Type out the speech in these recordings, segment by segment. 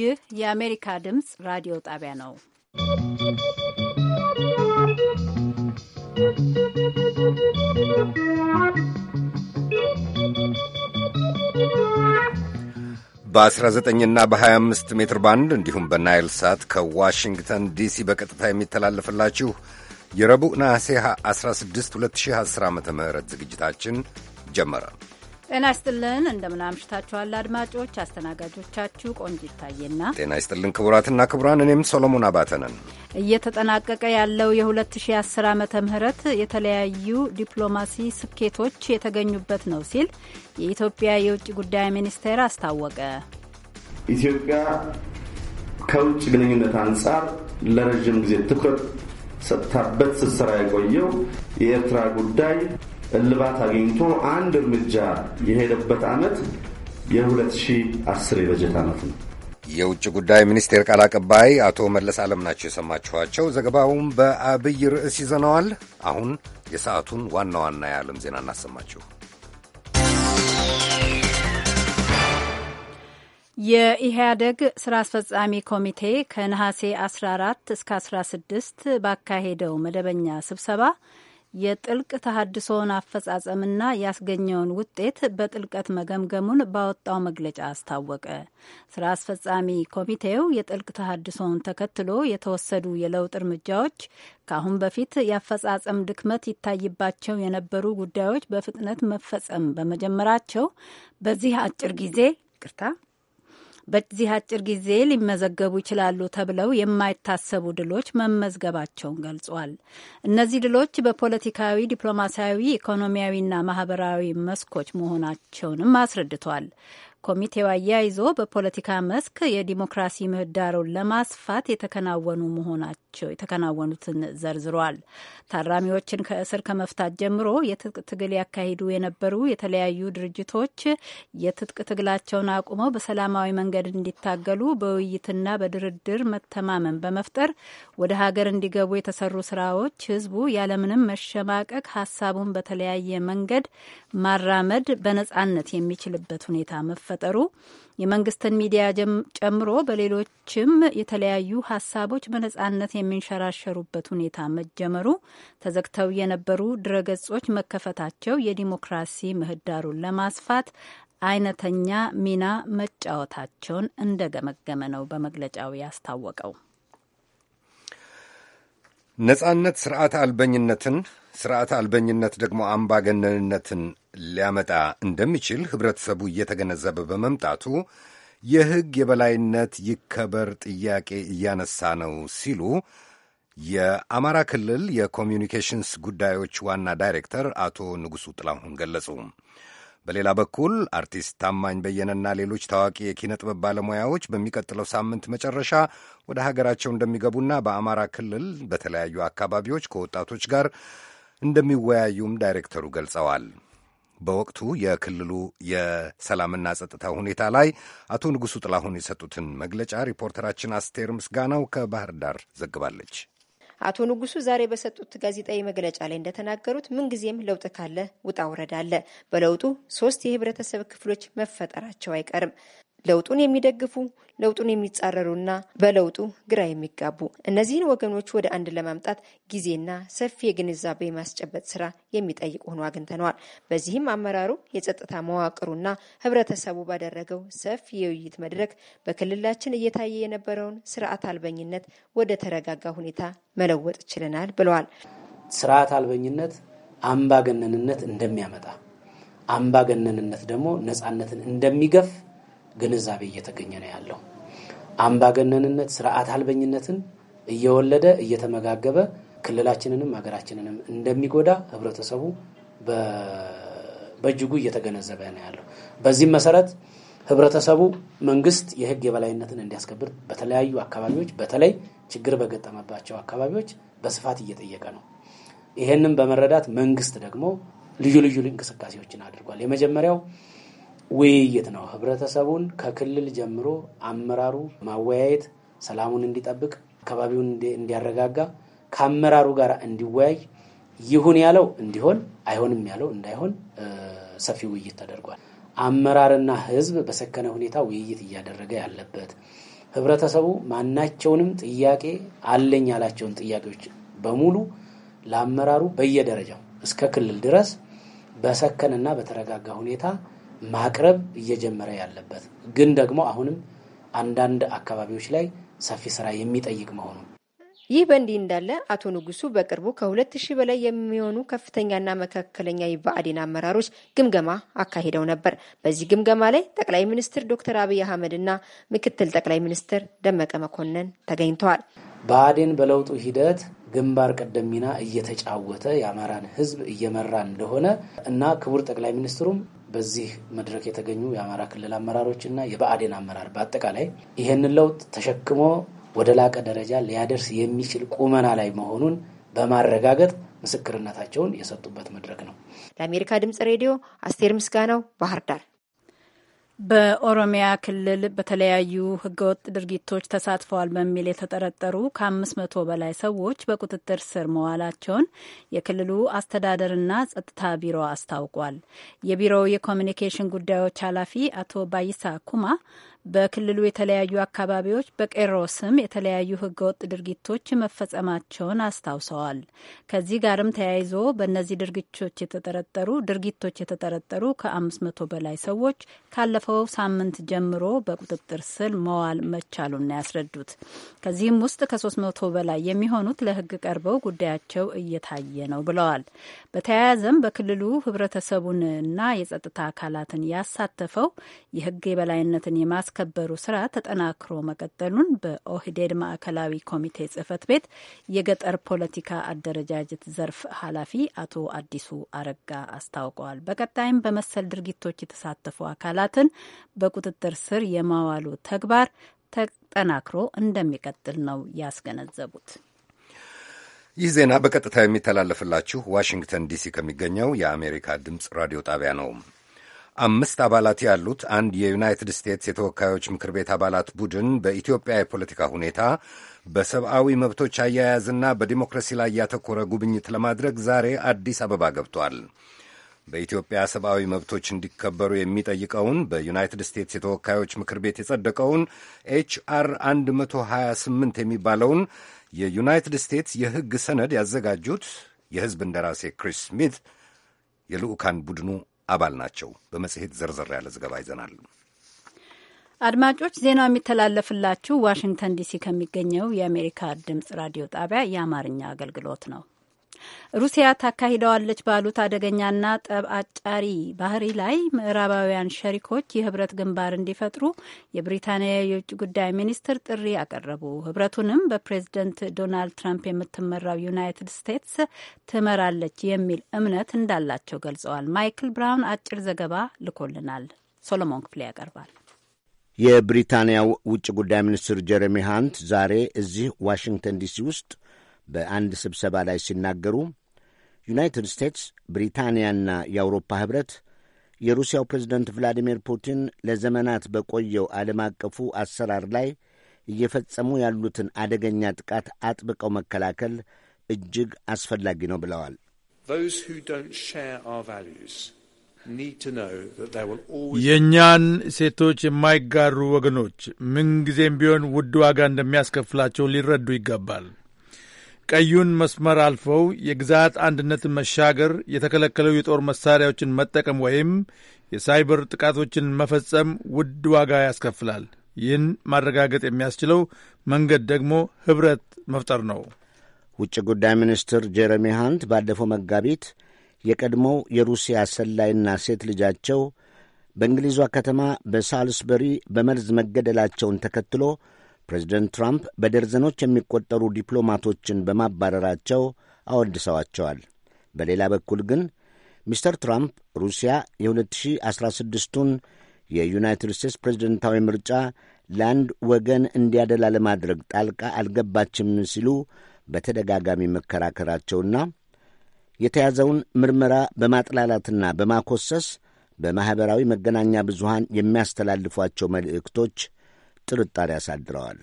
ይህ የአሜሪካ ድምፅ ራዲዮ ጣቢያ ነው። በ19 ና በ25 ሜትር ባንድ እንዲሁም በናይል ሳት ከዋሽንግተን ዲሲ በቀጥታ የሚተላለፍላችሁ የረቡዕ ነሐሴ 16 2010 ዓ ም ዝግጅታችን ጀመረ። ጤና ይስጥልን እንደምናምሽታችኋል አድማጮች። አስተናጋጆቻችሁ ቆንጅ ይታየና ጤና ይስጥልን ክቡራትና ክቡራን፣ እኔም ሶሎሞን አባተ ነን። እየተጠናቀቀ ያለው የ2010 ዓ ምት የተለያዩ ዲፕሎማሲ ስኬቶች የተገኙበት ነው ሲል የኢትዮጵያ የውጭ ጉዳይ ሚኒስቴር አስታወቀ። ኢትዮጵያ ከውጭ ግንኙነት አንጻር ለረዥም ጊዜ ትኩረት ሰጥታበት ስትሰራ የቆየው የኤርትራ ጉዳይ እልባት አግኝቶ አንድ እርምጃ የሄደበት ዓመት የ2010 የበጀት ዓመት ነው። የውጭ ጉዳይ ሚኒስቴር ቃል አቀባይ አቶ መለስ ዓለም ናቸው የሰማችኋቸው። ዘገባውም በአብይ ርዕስ ይዘነዋል። አሁን የሰዓቱን ዋና ዋና የዓለም ዜና እናሰማችሁ። የኢህአደግ ስራ አስፈጻሚ ኮሚቴ ከነሐሴ 14 እስከ 16 ባካሄደው መደበኛ ስብሰባ የጥልቅ ተሃድሶውን አፈጻጸምና ያስገኘውን ውጤት በጥልቀት መገምገሙን ባወጣው መግለጫ አስታወቀ። ስራ አስፈጻሚ ኮሚቴው የጥልቅ ተሃድሶውን ተከትሎ የተወሰዱ የለውጥ እርምጃዎች ከአሁን በፊት የአፈጻጸም ድክመት ይታይባቸው የነበሩ ጉዳዮች በፍጥነት መፈጸም በመጀመራቸው በዚህ አጭር ጊዜ ቅርታ በዚህ አጭር ጊዜ ሊመዘገቡ ይችላሉ ተብለው የማይታሰቡ ድሎች መመዝገባቸውን ገልጿል። እነዚህ ድሎች በፖለቲካዊ፣ ዲፕሎማሲያዊ፣ ኢኮኖሚያዊና ማህበራዊ መስኮች መሆናቸውንም አስረድቷል። ኮሚቴው አያይዞ በፖለቲካ መስክ የዲሞክራሲ ምህዳሩን ለማስፋት የተከናወኑ መሆናቸው የተከናወኑትን ዘርዝሯል። ታራሚዎችን ከእስር ከመፍታት ጀምሮ የትጥቅ ትግል ያካሂዱ የነበሩ የተለያዩ ድርጅቶች የትጥቅ ትግላቸውን አቁመው በሰላማዊ መንገድ እንዲታገሉ በውይይትና በድርድር መተማመን በመፍጠር ወደ ሀገር እንዲገቡ የተሰሩ ስራዎች ህዝቡ ያለምንም መሸማቀቅ ሀሳቡን በተለያየ መንገድ ማራመድ በነጻነት የሚችልበት ሁኔታ መፈ በመፈጠሩ የመንግስትን ሚዲያ ጨምሮ በሌሎችም የተለያዩ ሀሳቦች በነጻነት የሚንሸራሸሩበት ሁኔታ መጀመሩ፣ ተዘግተው የነበሩ ድረገጾች መከፈታቸው የዲሞክራሲ ምህዳሩን ለማስፋት አይነተኛ ሚና መጫወታቸውን እንደገመገመ ነው በመግለጫው ያስታወቀው። ነጻነት ስርዓት አልበኝነትን ስርዓት አልበኝነት ደግሞ አምባገነንነትን ሊያመጣ እንደሚችል ህብረተሰቡ እየተገነዘበ በመምጣቱ የህግ የበላይነት ይከበር ጥያቄ እያነሳ ነው ሲሉ የአማራ ክልል የኮሚዩኒኬሽንስ ጉዳዮች ዋና ዳይሬክተር አቶ ንጉሡ ጥላሁን ገለጹ። በሌላ በኩል አርቲስት ታማኝ በየነና ሌሎች ታዋቂ የኪነ ጥበብ ባለሙያዎች በሚቀጥለው ሳምንት መጨረሻ ወደ ሀገራቸው እንደሚገቡና በአማራ ክልል በተለያዩ አካባቢዎች ከወጣቶች ጋር እንደሚወያዩም ዳይሬክተሩ ገልጸዋል። በወቅቱ የክልሉ የሰላምና ጸጥታ ሁኔታ ላይ አቶ ንጉሡ ጥላሁን የሰጡትን መግለጫ ሪፖርተራችን አስቴር ምስጋናው ከባህር ዳር ዘግባለች። አቶ ንጉሱ ዛሬ በሰጡት ጋዜጣዊ መግለጫ ላይ እንደተናገሩት ምንጊዜም ለውጥ ካለ ውጣ ውረድ አለ። በለውጡ ሶስት የህብረተሰብ ክፍሎች መፈጠራቸው አይቀርም። ለውጡን የሚደግፉ ለውጡን የሚጻረሩና በለውጡ ግራ የሚጋቡ እነዚህን ወገኖች ወደ አንድ ለማምጣት ጊዜና ሰፊ የግንዛቤ የማስጨበጥ ስራ የሚጠይቅ ሆኖ አግኝተነዋል። በዚህም አመራሩ የጸጥታ መዋቅሩና ህብረተሰቡ ባደረገው ሰፊ የውይይት መድረክ በክልላችን እየታየ የነበረውን ስርዓት አልበኝነት ወደ ተረጋጋ ሁኔታ መለወጥ ችለናል ብለዋል። ስርዓት አልበኝነት አምባገነንነት እንደሚያመጣ፣ አምባገነንነት ደግሞ ነፃነትን እንደሚገፍ ግንዛቤ እየተገኘ ነው ያለው። አምባገነንነት፣ ስርዓት አልበኝነትን እየወለደ እየተመጋገበ ክልላችንንም ሀገራችንንም እንደሚጎዳ ህብረተሰቡ በእጅጉ እየተገነዘበ ነው ያለው። በዚህም መሰረት ህብረተሰቡ መንግስት የህግ የበላይነትን እንዲያስከብር በተለያዩ አካባቢዎች በተለይ ችግር በገጠመባቸው አካባቢዎች በስፋት እየጠየቀ ነው። ይሄንም በመረዳት መንግስት ደግሞ ልዩ ልዩ እንቅስቃሴዎችን አድርጓል። የመጀመሪያው ውይይት ነው። ህብረተሰቡን ከክልል ጀምሮ አመራሩ ማወያየት፣ ሰላሙን እንዲጠብቅ፣ አካባቢውን እንዲያረጋጋ ከአመራሩ ጋር እንዲወያይ ይሁን ያለው እንዲሆን አይሆንም ያለው እንዳይሆን ሰፊ ውይይት ተደርጓል። አመራርና ህዝብ በሰከነ ሁኔታ ውይይት እያደረገ ያለበት ህብረተሰቡ ማናቸውንም ጥያቄ አለኝ ያላቸውን ጥያቄዎች በሙሉ ለአመራሩ በየደረጃው እስከ ክልል ድረስ በሰከነና በተረጋጋ ሁኔታ ማቅረብ እየጀመረ ያለበት ግን ደግሞ አሁንም አንዳንድ አካባቢዎች ላይ ሰፊ ስራ የሚጠይቅ መሆኑን ይህ በእንዲህ እንዳለ አቶ ንጉሱ በቅርቡ ከሁለት ሺህ በላይ የሚሆኑ ከፍተኛና መካከለኛ የብአዴን አመራሮች ግምገማ አካሂደው ነበር። በዚህ ግምገማ ላይ ጠቅላይ ሚኒስትር ዶክተር አብይ አህመድ እና ምክትል ጠቅላይ ሚኒስትር ደመቀ መኮንን ተገኝተዋል። ብአዴን በለውጡ ሂደት ግንባር ቀደም ሚና እየተጫወተ የአማራን ህዝብ እየመራ እንደሆነ እና ክቡር ጠቅላይ ሚኒስትሩም በዚህ መድረክ የተገኙ የአማራ ክልል አመራሮች እና የብአዴን አመራር በአጠቃላይ ይህንን ለውጥ ተሸክሞ ወደ ላቀ ደረጃ ሊያደርስ የሚችል ቁመና ላይ መሆኑን በማረጋገጥ ምስክርነታቸውን የሰጡበት መድረክ ነው። ለአሜሪካ ድምጽ ሬዲዮ አስቴር ምስጋናው ባህር ዳር በኦሮሚያ ክልል በተለያዩ ህገወጥ ድርጊቶች ተሳትፈዋል በሚል የተጠረጠሩ ከአምስት መቶ በላይ ሰዎች በቁጥጥር ስር መዋላቸውን የክልሉ አስተዳደርና ጸጥታ ቢሮ አስታውቋል። የቢሮው የኮሚኒኬሽን ጉዳዮች ኃላፊ አቶ ባይሳ ኩማ በክልሉ የተለያዩ አካባቢዎች በቄሮ ስም የተለያዩ ህገወጥ ድርጊቶች መፈጸማቸውን አስታውሰዋል። ከዚህ ጋርም ተያይዞ በእነዚህ ድርጊቶች የተጠረጠሩ ድርጊቶች የተጠረጠሩ ከ500 በላይ ሰዎች ካለፈው ሳምንት ጀምሮ በቁጥጥር ስር መዋል መቻሉን ያስረዱት ከዚህም ውስጥ ከ300 በላይ የሚሆኑት ለህግ ቀርበው ጉዳያቸው እየታየ ነው ብለዋል። በተያያዘም በክልሉ ህብረተሰቡንና የጸጥታ አካላትን ያሳተፈው የህግ የበላይነትን የማስ የማስከበሩ ስራ ተጠናክሮ መቀጠሉን በኦህዴድ ማዕከላዊ ኮሚቴ ጽህፈት ቤት የገጠር ፖለቲካ አደረጃጀት ዘርፍ ኃላፊ አቶ አዲሱ አረጋ አስታውቀዋል። በቀጣይም በመሰል ድርጊቶች የተሳተፉ አካላትን በቁጥጥር ስር የማዋሉ ተግባር ተጠናክሮ እንደሚቀጥል ነው ያስገነዘቡት። ይህ ዜና በቀጥታ የሚተላለፍላችሁ ዋሽንግተን ዲሲ ከሚገኘው የአሜሪካ ድምፅ ራዲዮ ጣቢያ ነው። አምስት አባላት ያሉት አንድ የዩናይትድ ስቴትስ የተወካዮች ምክር ቤት አባላት ቡድን በኢትዮጵያ የፖለቲካ ሁኔታ በሰብአዊ መብቶች አያያዝና በዲሞክራሲ ላይ ያተኮረ ጉብኝት ለማድረግ ዛሬ አዲስ አበባ ገብቷል። በኢትዮጵያ ሰብአዊ መብቶች እንዲከበሩ የሚጠይቀውን በዩናይትድ ስቴትስ የተወካዮች ምክር ቤት የጸደቀውን ኤችአር 128 የሚባለውን የዩናይትድ ስቴትስ የሕግ ሰነድ ያዘጋጁት የሕዝብ እንደራሴ ክሪስ ስሚት የልዑካን ቡድኑ አባል ናቸው። በመጽሔት ዘርዘር ያለ ዘገባ ይዘናል። አድማጮች ዜናው የሚተላለፍላችሁ ዋሽንግተን ዲሲ ከሚገኘው የአሜሪካ ድምጽ ራዲዮ ጣቢያ የአማርኛ አገልግሎት ነው። ሩሲያ ታካሂደዋለች ባሉት አደገኛና ጠብ አጫሪ ባህሪ ላይ ምዕራባውያን ሸሪኮች የህብረት ግንባር እንዲፈጥሩ የብሪታንያ የውጭ ጉዳይ ሚኒስትር ጥሪ አቀረቡ። ህብረቱንም በፕሬዝደንት ዶናልድ ትራምፕ የምትመራው ዩናይትድ ስቴትስ ትመራለች የሚል እምነት እንዳላቸው ገልጸዋል። ማይክል ብራውን አጭር ዘገባ ልኮልናል። ሶሎሞን ክፍሌ ያቀርባል። የብሪታንያው ውጭ ጉዳይ ሚኒስትር ጀረሚ ሃንት ዛሬ እዚህ ዋሽንግተን ዲሲ ውስጥ በአንድ ስብሰባ ላይ ሲናገሩ ዩናይትድ ስቴትስ፣ ብሪታንያና የአውሮፓ ኅብረት የሩሲያው ፕሬዝደንት ቭላዲሚር ፑቲን ለዘመናት በቆየው ዓለም አቀፉ አሰራር ላይ እየፈጸሙ ያሉትን አደገኛ ጥቃት አጥብቀው መከላከል እጅግ አስፈላጊ ነው ብለዋል። የእኛን ሴቶች የማይጋሩ ወገኖች ምንጊዜም ቢሆን ውድ ዋጋ እንደሚያስከፍላቸው ሊረዱ ይገባል። ቀዩን መስመር አልፈው የግዛት አንድነትን መሻገር የተከለከለው የጦር መሳሪያዎችን መጠቀም ወይም የሳይበር ጥቃቶችን መፈጸም ውድ ዋጋ ያስከፍላል። ይህን ማረጋገጥ የሚያስችለው መንገድ ደግሞ ኅብረት መፍጠር ነው። ውጭ ጉዳይ ሚኒስትር ጄረሚ ሃንት ባለፈው መጋቢት የቀድሞው የሩሲያ ሰላይና ሴት ልጃቸው በእንግሊዟ ከተማ በሳልስበሪ በመርዝ መገደላቸውን ተከትሎ ፕሬዚደንት ትራምፕ በደርዘኖች የሚቆጠሩ ዲፕሎማቶችን በማባረራቸው አወድሰዋቸዋል። በሌላ በኩል ግን ሚስተር ትራምፕ ሩሲያ የ2016ቱን የዩናይትድ ስቴትስ ፕሬዝደንታዊ ምርጫ ለአንድ ወገን እንዲያደላ ለማድረግ ጣልቃ አልገባችም ሲሉ በተደጋጋሚ መከራከራቸውና የተያዘውን ምርመራ በማጥላላትና በማኮሰስ በማኅበራዊ መገናኛ ብዙሃን የሚያስተላልፏቸው መልእክቶች ጥርጣሬ አሳድረዋል።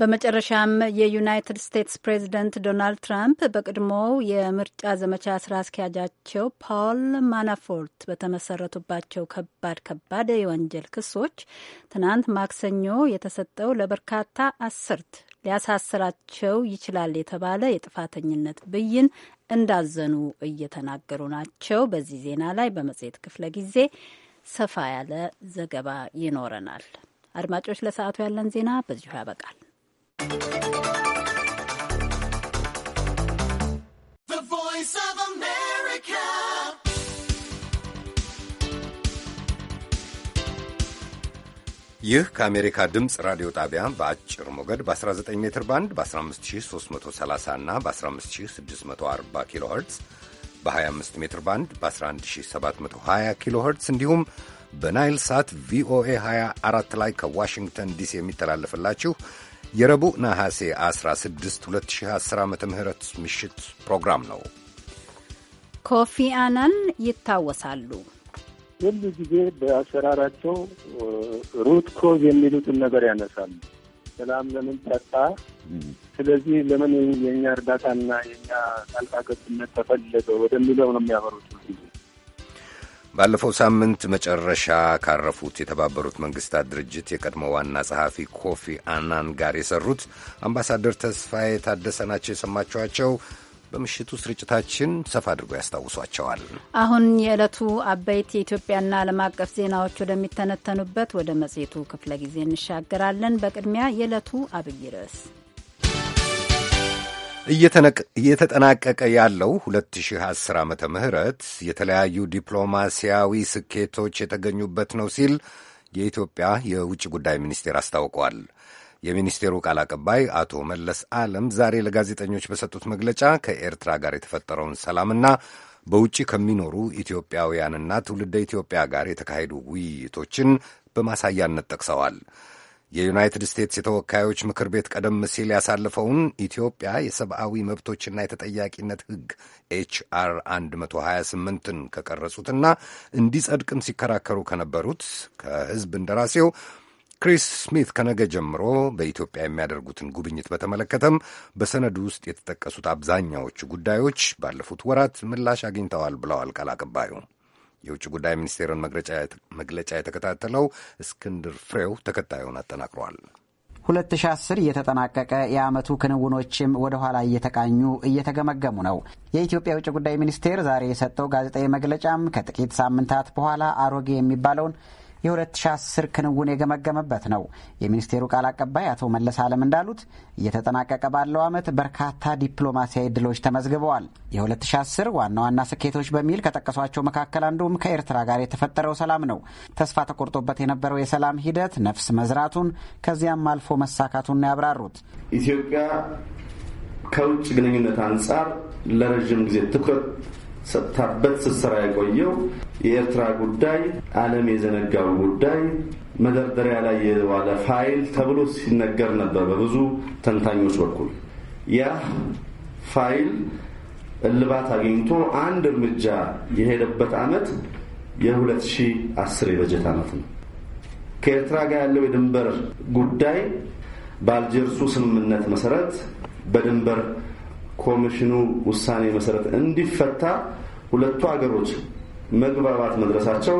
በመጨረሻም የዩናይትድ ስቴትስ ፕሬዚደንት ዶናልድ ትራምፕ በቅድሞው የምርጫ ዘመቻ ስራ አስኪያጃቸው ፓውል ማናፎርት በተመሰረቱባቸው ከባድ ከባድ የወንጀል ክሶች ትናንት ማክሰኞ የተሰጠው ለበርካታ አስርት ሊያሳስራቸው ይችላል የተባለ የጥፋተኝነት ብይን እንዳዘኑ እየተናገሩ ናቸው። በዚህ ዜና ላይ በመጽሔት ክፍለ ጊዜ ሰፋ ያለ ዘገባ ይኖረናል። አድማጮች፣ ለሰዓቱ ያለን ዜና በዚሁ ያበቃል። ይህ ከአሜሪካ ድምፅ ራዲዮ ጣቢያ በአጭር ሞገድ በ19 ሜትር ባንድ በ15330 እና በ15640 ኪሎ ኸርትዝ በ25 ሜትር ባንድ በ11720 ኪሎ ኸርትዝ እንዲሁም በናይል ሳት ቪኦኤ 24 ላይ ከዋሽንግተን ዲሲ የሚተላለፍላችሁ የረቡዕ ነሐሴ 16 2010 ዓ ም ምሽት ፕሮግራም ነው። ኮፊ አናን ይታወሳሉ። ሁሉ ጊዜ በአሰራራቸው ሩት ኮዝ የሚሉትን ነገር ያነሳሉ። ሰላም ለምን ጠጣ? ስለዚህ ለምን የእኛ እርዳታና የእኛ ጣልቃ ገብነት ተፈለገ ወደሚለው ነው የሚያበሩት ጊዜ ባለፈው ሳምንት መጨረሻ ካረፉት የተባበሩት መንግስታት ድርጅት የቀድሞ ዋና ጸሐፊ ኮፊ አናን ጋር የሰሩት አምባሳደር ተስፋዬ ታደሰ ናቸው የሰማችኋቸው። በምሽቱ ስርጭታችን ሰፋ አድርጎ ያስታውሷቸዋል። አሁን የዕለቱ አበይት የኢትዮጵያና ዓለም አቀፍ ዜናዎች ወደሚተነተኑበት ወደ መጽሔቱ ክፍለ ጊዜ እንሻገራለን። በቅድሚያ የዕለቱ አብይ ርዕስ እየተጠናቀቀ ያለው 2010 ዓመተ ምህረት የተለያዩ ዲፕሎማሲያዊ ስኬቶች የተገኙበት ነው ሲል የኢትዮጵያ የውጭ ጉዳይ ሚኒስቴር አስታውቋል። የሚኒስቴሩ ቃል አቀባይ አቶ መለስ ዓለም ዛሬ ለጋዜጠኞች በሰጡት መግለጫ ከኤርትራ ጋር የተፈጠረውን ሰላምና በውጭ ከሚኖሩ ኢትዮጵያውያንና ትውልደ ኢትዮጵያ ጋር የተካሄዱ ውይይቶችን በማሳያነት ጠቅሰዋል። የዩናይትድ ስቴትስ የተወካዮች ምክር ቤት ቀደም ሲል ያሳለፈውን ኢትዮጵያ የሰብአዊ መብቶችና የተጠያቂነት ሕግ ኤችአር 128ን ከቀረጹትና እንዲጸድቅም ሲከራከሩ ከነበሩት ከሕዝብ እንደራሴው ክሪስ ስሚት ከነገ ጀምሮ በኢትዮጵያ የሚያደርጉትን ጉብኝት በተመለከተም በሰነዱ ውስጥ የተጠቀሱት አብዛኛዎቹ ጉዳዮች ባለፉት ወራት ምላሽ አግኝተዋል ብለዋል ቃል አቀባዩ። የውጭ ጉዳይ ሚኒስቴርን መግለጫ የተከታተለው እስክንድር ፍሬው ተከታዩን አጠናቅሯል። 2010 እየተጠናቀቀ የዓመቱ ክንውኖችም ወደ ኋላ እየተቃኙ እየተገመገሙ ነው። የኢትዮጵያ የውጭ ጉዳይ ሚኒስቴር ዛሬ የሰጠው ጋዜጣዊ መግለጫም ከጥቂት ሳምንታት በኋላ አሮጌ የሚባለውን የ2010 ክንውን የገመገመበት ነው። የሚኒስቴሩ ቃል አቀባይ አቶ መለስ አለም እንዳሉት እየተጠናቀቀ ባለው ዓመት በርካታ ዲፕሎማሲያዊ ድሎች ተመዝግበዋል። የ2010 ዋና ዋና ስኬቶች በሚል ከጠቀሷቸው መካከል አንዱም ከኤርትራ ጋር የተፈጠረው ሰላም ነው። ተስፋ ተቆርጦበት የነበረው የሰላም ሂደት ነፍስ መዝራቱን ከዚያም አልፎ መሳካቱን ያብራሩት ኢትዮጵያ ከውጭ ግንኙነት አንጻር ለረዥም ጊዜ ትኩረት ሰጥታበት ስትሰራ የቆየው የኤርትራ ጉዳይ ዓለም የዘነጋው ጉዳይ መደርደሪያ ላይ የዋለ ፋይል ተብሎ ሲነገር ነበር በብዙ ተንታኞች በኩል። ያ ፋይል እልባት አግኝቶ አንድ እርምጃ የሄደበት ዓመት የ2010 የበጀት ዓመት ነው። ከኤርትራ ጋር ያለው የድንበር ጉዳይ በአልጀርሱ ስምምነት መሰረት በድንበር ኮሚሽኑ ውሳኔ መሰረት እንዲፈታ ሁለቱ ሀገሮች መግባባት መድረሳቸው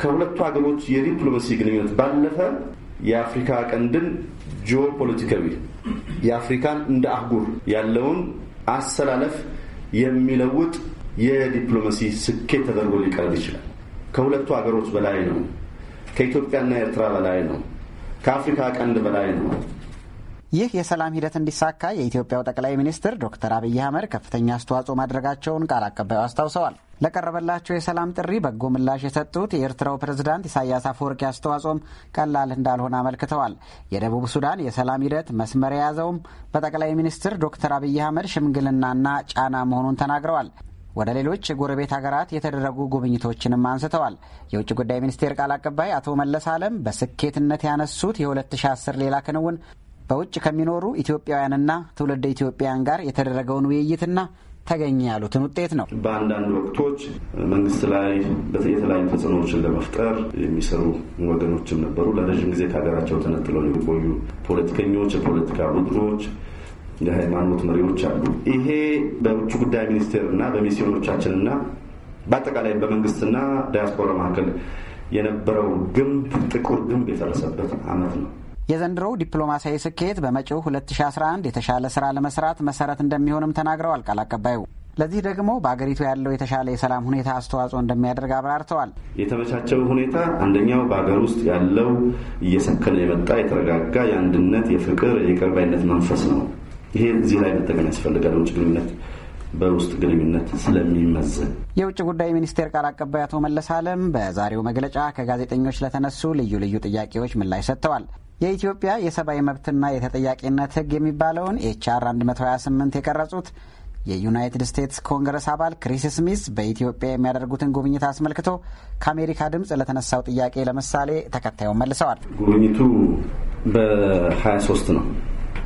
ከሁለቱ ሀገሮች የዲፕሎማሲ ግንኙነት ባለፈ የአፍሪካ ቀንድን ጂኦፖለቲካዊ የአፍሪካን እንደ አህጉር ያለውን አሰላለፍ የሚለውጥ የዲፕሎማሲ ስኬት ተደርጎ ሊቀርብ ይችላል። ከሁለቱ ሀገሮች በላይ ነው። ከኢትዮጵያና ኤርትራ በላይ ነው። ከአፍሪካ ቀንድ በላይ ነው። ይህ የሰላም ሂደት እንዲሳካ የኢትዮጵያው ጠቅላይ ሚኒስትር ዶክተር አብይ አህመድ ከፍተኛ አስተዋጽኦ ማድረጋቸውን ቃል አቀባዩ አስታውሰዋል። ለቀረበላቸው የሰላም ጥሪ በጎ ምላሽ የሰጡት የኤርትራው ፕሬዝዳንት ኢሳያስ አፈወርቂ አስተዋጽኦም ቀላል እንዳልሆነ አመልክተዋል። የደቡብ ሱዳን የሰላም ሂደት መስመር የያዘውም በጠቅላይ ሚኒስትር ዶክተር አብይ አህመድ ሽምግልናና ጫና መሆኑን ተናግረዋል። ወደ ሌሎች የጎረቤት ሀገራት የተደረጉ ጉብኝቶችንም አንስተዋል። የውጭ ጉዳይ ሚኒስቴር ቃል አቀባይ አቶ መለስ አለም በስኬትነት ያነሱት የ2010 ሌላ ክንውን በውጭ ከሚኖሩ ኢትዮጵያውያንና ትውልደ ኢትዮጵያውያን ጋር የተደረገውን ውይይትና ተገኘ ያሉትን ውጤት ነው። በአንዳንድ ወቅቶች መንግስት ላይ የተለያዩ ተጽዕኖዎችን ለመፍጠር የሚሰሩ ወገኖችም ነበሩ። ለረዥም ጊዜ ከሀገራቸው ተነጥለው የቆዩ ፖለቲከኞች፣ የፖለቲካ ቡድኖች፣ የሃይማኖት መሪዎች አሉ። ይሄ በውጭ ጉዳይ ሚኒስቴርና በሚስዮኖቻችንና በአጠቃላይ በመንግስትና ዳያስፖራ መካከል የነበረው ግንብ ጥቁር ግንብ የፈረሰበት አመት ነው። የዘንድሮው ዲፕሎማሲያዊ ስኬት በመጪው 2011 የተሻለ ስራ ለመስራት መሰረት እንደሚሆንም ተናግረዋል ቃል አቀባዩ። ለዚህ ደግሞ በአገሪቱ ያለው የተሻለ የሰላም ሁኔታ አስተዋጽኦ እንደሚያደርግ አብራርተዋል። የተመቻቸው ሁኔታ አንደኛው በሀገር ውስጥ ያለው እየሰከነ የመጣ የተረጋጋ የአንድነት፣ የፍቅር፣ የቅርባይነት መንፈስ ነው። ይሄ እዚህ ላይ መጠቀም ያስፈልጋል። ውጭ ግንኙነት በውስጥ ግንኙነት ስለሚመዝን የውጭ ጉዳይ ሚኒስቴር ቃል አቀባይ አቶ መለስ አለም በዛሬው መግለጫ ከጋዜጠኞች ለተነሱ ልዩ ልዩ ጥያቄዎች ምላሽ ሰጥተዋል። የኢትዮጵያ የሰብአዊ መብትና የተጠያቂነት ሕግ የሚባለውን ኤችአር 128 የቀረጹት የዩናይትድ ስቴትስ ኮንግረስ አባል ክሪስ ስሚስ በኢትዮጵያ የሚያደርጉትን ጉብኝት አስመልክቶ ከአሜሪካ ድምፅ ለተነሳው ጥያቄ ለምሳሌ ተከታዩን መልሰዋል። ጉብኝቱ በ23 ነው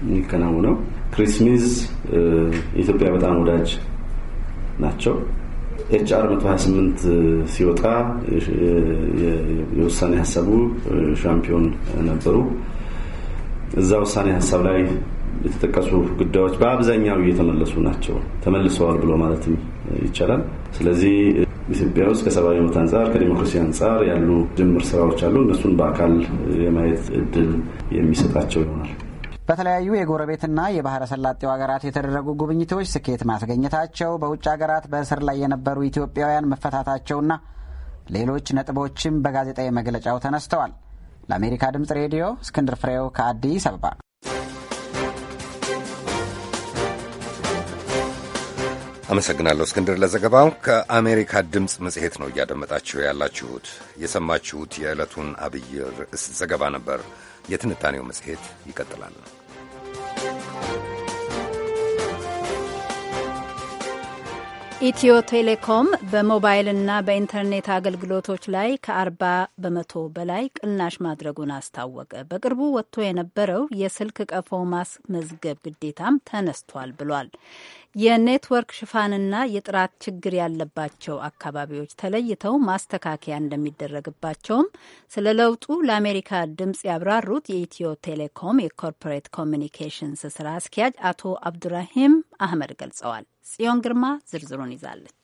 የሚከናወነው። ክሪስ ስሚዝ ኢትዮጵያ በጣም ወዳጅ ናቸው። ኤችአር 128 ሲወጣ የውሳኔ ሀሳቡ ሻምፒዮን ነበሩ። እዛ ውሳኔ ሀሳብ ላይ የተጠቀሱ ጉዳዮች በአብዛኛው እየተመለሱ ናቸው፣ ተመልሰዋል ብሎ ማለትም ይቻላል። ስለዚህ ኢትዮጵያ ውስጥ ከሰብአዊ መብት አንጻር ከዲሞክራሲ አንጻር ያሉ ጅምር ስራዎች አሉ። እነሱን በአካል የማየት እድል የሚሰጣቸው ይሆናል። በተለያዩ የጎረቤትና የባህረ ሰላጤው ሀገራት የተደረጉ ጉብኝቶች ስኬት ማስገኘታቸው፣ በውጭ ሀገራት በእስር ላይ የነበሩ ኢትዮጵያውያን መፈታታቸውና ሌሎች ነጥቦችም በጋዜጣዊ መግለጫው ተነስተዋል። ለአሜሪካ ድምፅ ሬዲዮ እስክንድር ፍሬው ከአዲስ አበባ። አመሰግናለሁ እስክንድር ለዘገባው። ከአሜሪካ ድምፅ መጽሔት ነው እያደመጣችሁ ያላችሁት። የሰማችሁት የዕለቱን አብይ ርዕስ ዘገባ ነበር። የትንታኔው መጽሔት ይቀጥላል። ኢትዮ ቴሌኮም በሞባይልና በኢንተርኔት አገልግሎቶች ላይ ከ40 በመቶ በላይ ቅናሽ ማድረጉን አስታወቀ። በቅርቡ ወጥቶ የነበረው የስልክ ቀፎ ማስመዝገብ ግዴታም ተነስቷል ብሏል። የኔትወርክ ሽፋንና የጥራት ችግር ያለባቸው አካባቢዎች ተለይተው ማስተካከያ እንደሚደረግባቸውም ስለ ለውጡ ለአሜሪካ ድምፅ ያብራሩት የኢትዮ ቴሌኮም የኮርፖሬት ኮሚኒኬሽንስ ስራ አስኪያጅ አቶ አብዱራሂም አህመድ ገልጸዋል። ጽዮን ግርማ ዝርዝሩን ይዛለች።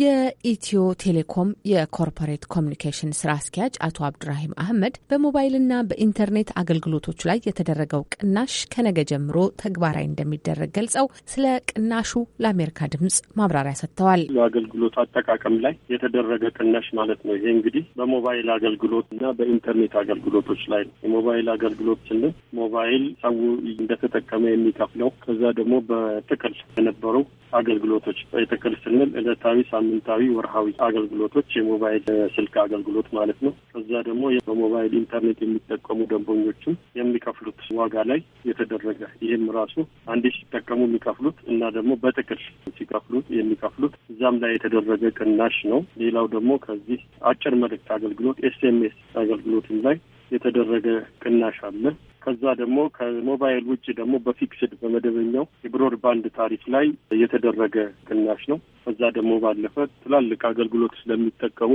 የኢትዮ ቴሌኮም የኮርፖሬት ኮሚኒኬሽን ስራ አስኪያጅ አቶ አብዱራሂም አህመድ በሞባይልና በኢንተርኔት አገልግሎቶች ላይ የተደረገው ቅናሽ ከነገ ጀምሮ ተግባራዊ እንደሚደረግ ገልጸው ስለ ቅናሹ ለአሜሪካ ድምጽ ማብራሪያ ሰጥተዋል። አገልግሎት አጠቃቀም ላይ የተደረገ ቅናሽ ማለት ነው። ይሄ እንግዲህ በሞባይል አገልግሎት እና በኢንተርኔት አገልግሎቶች ላይ ነው። የሞባይል አገልግሎት ስንል ሞባይል ሰው እንደተጠቀመ የሚከፍለው ከዛ ደግሞ በጥቅል የነበሩ አገልግሎቶች በጥቅል ስንል እለታዊ ሳምንታዊ ወርሃዊ አገልግሎቶች የሞባይል ስልክ አገልግሎት ማለት ነው። ከዛ ደግሞ በሞባይል ኢንተርኔት የሚጠቀሙ ደንበኞችም የሚከፍሉት ዋጋ ላይ የተደረገ ይህም ራሱ አንዴ ሲጠቀሙ የሚከፍሉት እና ደግሞ በጥቅል ሲከፍሉት የሚከፍሉት እዛም ላይ የተደረገ ቅናሽ ነው። ሌላው ደግሞ ከዚህ አጭር መልእክት አገልግሎት ኤስኤምኤስ አገልግሎትም ላይ የተደረገ ቅናሽ አለ። ከዛ ደግሞ ከሞባይል ውጭ ደግሞ በፊክስድ በመደበኛው የብሮድባንድ ታሪፍ ላይ የተደረገ ቅናሽ ነው። ከዛ ደግሞ ባለፈ ትላልቅ አገልግሎት ስለሚጠቀሙ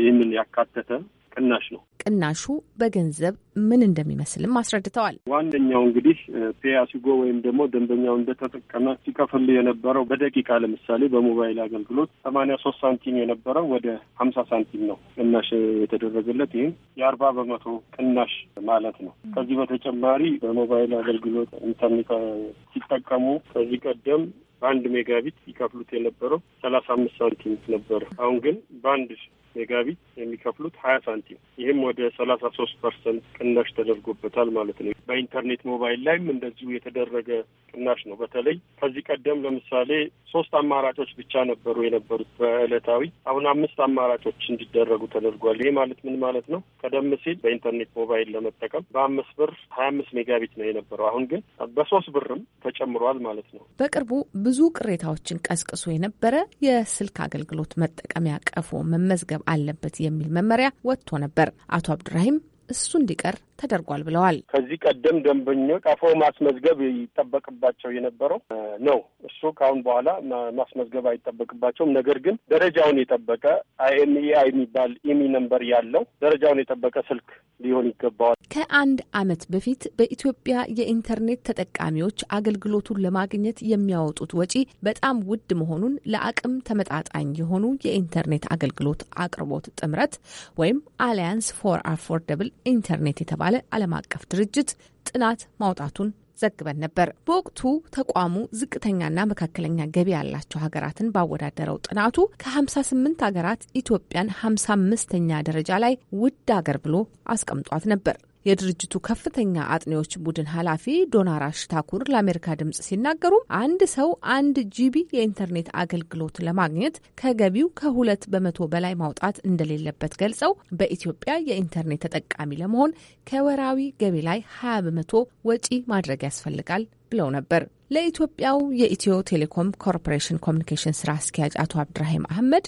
ይህንን ያካተተ ቅናሽ ነው። ቅናሹ በገንዘብ ምን እንደሚመስልም አስረድተዋል። ዋነኛው እንግዲህ ፔያሲጎ ወይም ደግሞ ደንበኛው እንደተጠቀመ ሲከፍል የነበረው በደቂቃ ለምሳሌ በሞባይል አገልግሎት ሰማንያ ሶስት ሳንቲም የነበረው ወደ ሀምሳ ሳንቲም ነው ቅናሽ የተደረገለት። ይህም የአርባ በመቶ ቅናሽ ማለት ነው። ከዚህ በተጨማሪ በሞባይል አገልግሎት ኢንተርኔት ሲጠቀሙ ከዚህ ቀደም በአንድ ሜጋቢት ይከፍሉት የነበረው ሰላሳ አምስት ሳንቲም ነበረ። አሁን ግን በአንድ የጋቢ የሚከፍሉት ሀያ ሳንቲም ይህም ወደ ሰላሳ ሶስት ፐርሰንት ቅናሽ ተደርጎበታል ማለት ነው። በኢንተርኔት ሞባይል ላይም እንደዚሁ የተደረገ ቅናሽ ነው። በተለይ ከዚህ ቀደም ለምሳሌ ሶስት አማራጮች ብቻ ነበሩ የነበሩት በዕለታዊ አሁን አምስት አማራጮች እንዲደረጉ ተደርጓል። ይህ ማለት ምን ማለት ነው? ቀደም ሲል በኢንተርኔት ሞባይል ለመጠቀም በአምስት ብር ሀያ አምስት ሜጋቢት ነው የነበረው። አሁን ግን በሶስት ብርም ተጨምሯል ማለት ነው። በቅርቡ ብዙ ቅሬታዎችን ቀስቅሶ የነበረ የስልክ አገልግሎት መጠቀሚያ ቀፎ መመዝገብ አለበት የሚል መመሪያ ወጥቶ ነበር። አቶ አብዱራሂም እሱ እንዲቀር ተደርጓል ብለዋል። ከዚህ ቀደም ደንበኞች ቀፎ ማስመዝገብ ይጠበቅባቸው የነበረው ነው። እሱ ከአሁን በኋላ ማስመዝገብ አይጠበቅባቸውም። ነገር ግን ደረጃውን የጠበቀ አይኤምኢአይ የሚባል ኢሚ ነንበር ያለው ደረጃውን የጠበቀ ስልክ ሊሆን ይገባዋል። ከአንድ ዓመት በፊት በኢትዮጵያ የኢንተርኔት ተጠቃሚዎች አገልግሎቱን ለማግኘት የሚያወጡት ወጪ በጣም ውድ መሆኑን ለአቅም ተመጣጣኝ የሆኑ የኢንተርኔት አገልግሎት አቅርቦት ጥምረት ወይም አሊያንስ ፎር አፎርደብል ኢንተርኔት የተባለ የተባለ ዓለም አቀፍ ድርጅት ጥናት ማውጣቱን ዘግበን ነበር። በወቅቱ ተቋሙ ዝቅተኛና መካከለኛ ገቢ ያላቸው ሀገራትን ባወዳደረው ጥናቱ ከ58 ሀገራት ኢትዮጵያን 55ኛ ደረጃ ላይ ውድ ሀገር ብሎ አስቀምጧት ነበር። የድርጅቱ ከፍተኛ አጥኔዎች ቡድን ኃላፊ ዶናራሽ ታኩር ለአሜሪካ ድምጽ ሲናገሩ አንድ ሰው አንድ ጂቢ የኢንተርኔት አገልግሎት ለማግኘት ከገቢው ከሁለት በመቶ በላይ ማውጣት እንደሌለበት ገልጸው በኢትዮጵያ የኢንተርኔት ተጠቃሚ ለመሆን ከወራዊ ገቢ ላይ ሀያ በመቶ ወጪ ማድረግ ያስፈልጋል ብለው ነበር። ለኢትዮጵያው የኢትዮ ቴሌኮም ኮርፖሬሽን ኮሚኒኬሽን ስራ አስኪያጅ አቶ አብድራሂም አህመድ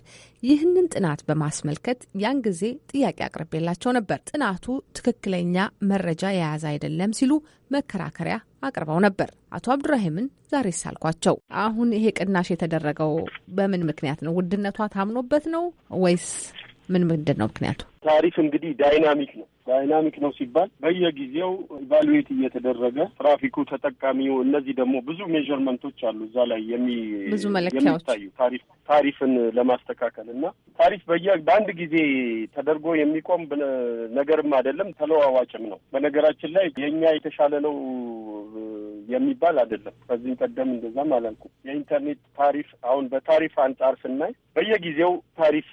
ይህንን ጥናት በማስመልከት ያን ጊዜ ጥያቄ አቅርቤላቸው ነበር። ጥናቱ ትክክለኛ መረጃ የያዘ አይደለም ሲሉ መከራከሪያ አቅርበው ነበር። አቶ አብዱራሂምን ዛሬ ሳልኳቸው፣ አሁን ይሄ ቅናሽ የተደረገው በምን ምክንያት ነው? ውድነቷ ታምኖበት ነው ወይስ ምን ምንድን ነው ምክንያቱ? ታሪፍ እንግዲህ ዳይናሚክ ነው። ዳይናሚክ ነው ሲባል በየጊዜው ኢቫሉዌት እየተደረገ ትራፊኩ ተጠቃሚው፣ እነዚህ ደግሞ ብዙ ሜዥርመንቶች አሉ እዛ ላይ ብዙ መለኪያዎች ታሪፍ ታሪፍን ለማስተካከል እና ታሪፍ በየ በአንድ ጊዜ ተደርጎ የሚቆም ነገርም አይደለም፣ ተለዋዋጭም ነው። በነገራችን ላይ የእኛ የተሻለ ነው የሚባል አይደለም። ከዚህም ቀደም እንደዛም አላልኩም። የኢንተርኔት ታሪፍ አሁን በታሪፍ አንጻር ስናይ በየጊዜው ታሪፍ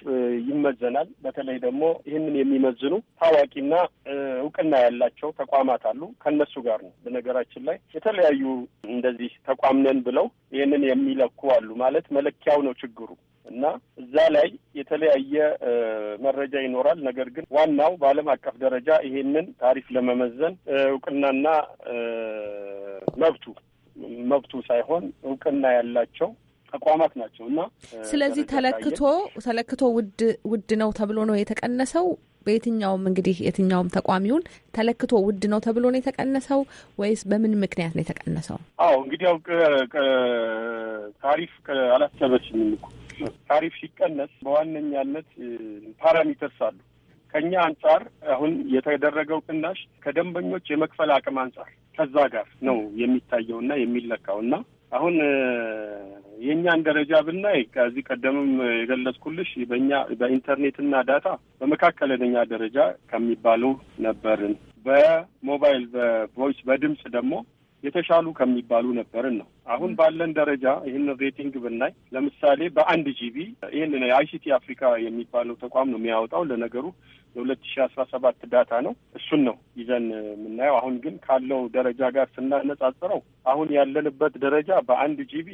ይመዘናል። በተለይ ደግሞ ይህንን የሚመዝኑ ታዋቂና እውቅና ያላቸው ተቋማት አሉ። ከነሱ ጋር ነው። በነገራችን ላይ የተለያዩ እንደዚህ ተቋም ነን ብለው ይህንን የሚለኩ አሉ። ማለት መለኪያው ነው ችግሩ እና እዛ ላይ የተለያየ መረጃ ይኖራል። ነገር ግን ዋናው በዓለም አቀፍ ደረጃ ይሄንን ታሪፍ ለመመዘን እውቅናና መብቱ መብቱ ሳይሆን እውቅና ያላቸው ተቋማት ናቸው እና ስለዚህ ተለክቶ ተለክቶ ውድ ውድ ነው ተብሎ ነው የተቀነሰው። በየትኛውም እንግዲህ የትኛውም ተቋሚውን ተለክቶ ውድ ነው ተብሎ ነው የተቀነሰው ወይስ በምን ምክንያት ነው የተቀነሰው? አዎ እንግዲህ ያው ታሪፍ አላሰበችኝም እኮ ታሪፍ ሲቀነስ በዋነኛነት ፓራሜተርስ አሉ። ከእኛ አንጻር አሁን የተደረገው ቅናሽ ከደንበኞች የመክፈል አቅም አንጻር ከዛ ጋር ነው የሚታየውና የሚለካው እና አሁን የእኛን ደረጃ ብናይ ከዚህ ቀደምም የገለጽኩልሽ በእኛ በኢንተርኔትና ዳታ በመካከለኛ ደረጃ ከሚባሉ ነበርን። በሞባይል በቮይስ በድምፅ ደግሞ የተሻሉ ከሚባሉ ነበርን ነው። አሁን ባለን ደረጃ ይህን ሬቲንግ ብናይ ለምሳሌ በአንድ ጂቢ ይህን አይሲቲ አፍሪካ የሚባለው ተቋም ነው የሚያወጣው። ለነገሩ የሁለት ሺ አስራ ሰባት ዳታ ነው። እሱን ነው ይዘን የምናየው። አሁን ግን ካለው ደረጃ ጋር ስናነጻጽረው አሁን ያለንበት ደረጃ በአንድ ጂቢ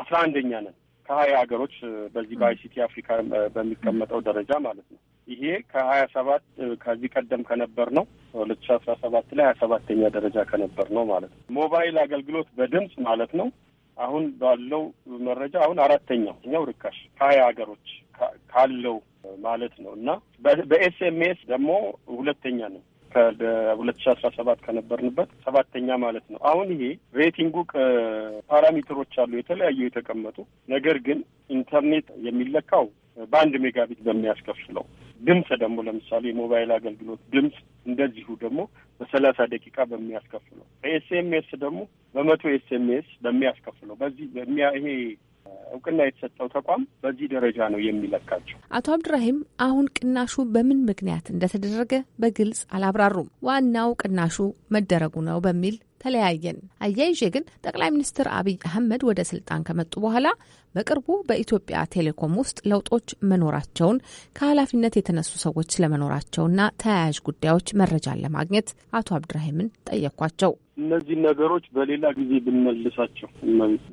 አስራ አንደኛ ነን ከሀያ ሀገሮች በዚህ በአይሲቲ አፍሪካ በሚቀመጠው ደረጃ ማለት ነው። ይሄ ከሀያ ሰባት ከዚህ ቀደም ከነበር ነው ሁለት ሺ አስራ ሰባት ላይ ሀያ ሰባተኛ ደረጃ ከነበር ነው ማለት ነው። ሞባይል አገልግሎት በድምፅ ማለት ነው አሁን ባለው መረጃ አሁን አራተኛው እኛው ርካሽ ከሀያ ሀገሮች ካለው ማለት ነው እና በኤስኤምኤስ ደግሞ ሁለተኛ ነው ከሁለት ሺ አስራ ሰባት ከነበርንበት ሰባተኛ ማለት ነው። አሁን ይሄ ሬቲንጉ ፓራሜትሮች አሉ የተለያዩ የተቀመጡ ነገር ግን ኢንተርኔት የሚለካው በአንድ ሜጋቢት በሚያስከፍለው ድምፅ ደግሞ ለምሳሌ የሞባይል አገልግሎት ድምፅ እንደዚሁ ደግሞ በሰላሳ ደቂቃ በሚያስከፍለው በኤስኤምኤስ ደግሞ በመቶ ኤስኤምኤስ በሚያስከፍለው በዚህ ይሄ እውቅና የተሰጠው ተቋም በዚህ ደረጃ ነው የሚለካቸው። አቶ አብድራሂም አሁን ቅናሹ በምን ምክንያት እንደተደረገ በግልጽ አላብራሩም። ዋናው ቅናሹ መደረጉ ነው በሚል ተለያየን። አያይዤ ግን ጠቅላይ ሚኒስትር አብይ አህመድ ወደ ስልጣን ከመጡ በኋላ በቅርቡ በኢትዮጵያ ቴሌኮም ውስጥ ለውጦች መኖራቸውን ከኃላፊነት የተነሱ ሰዎች ስለመኖራቸውና ተያያዥ ጉዳዮች መረጃን ለማግኘት አቶ አብድራሂምን ጠየኳቸው። እነዚህ ነገሮች በሌላ ጊዜ ብንመልሳቸው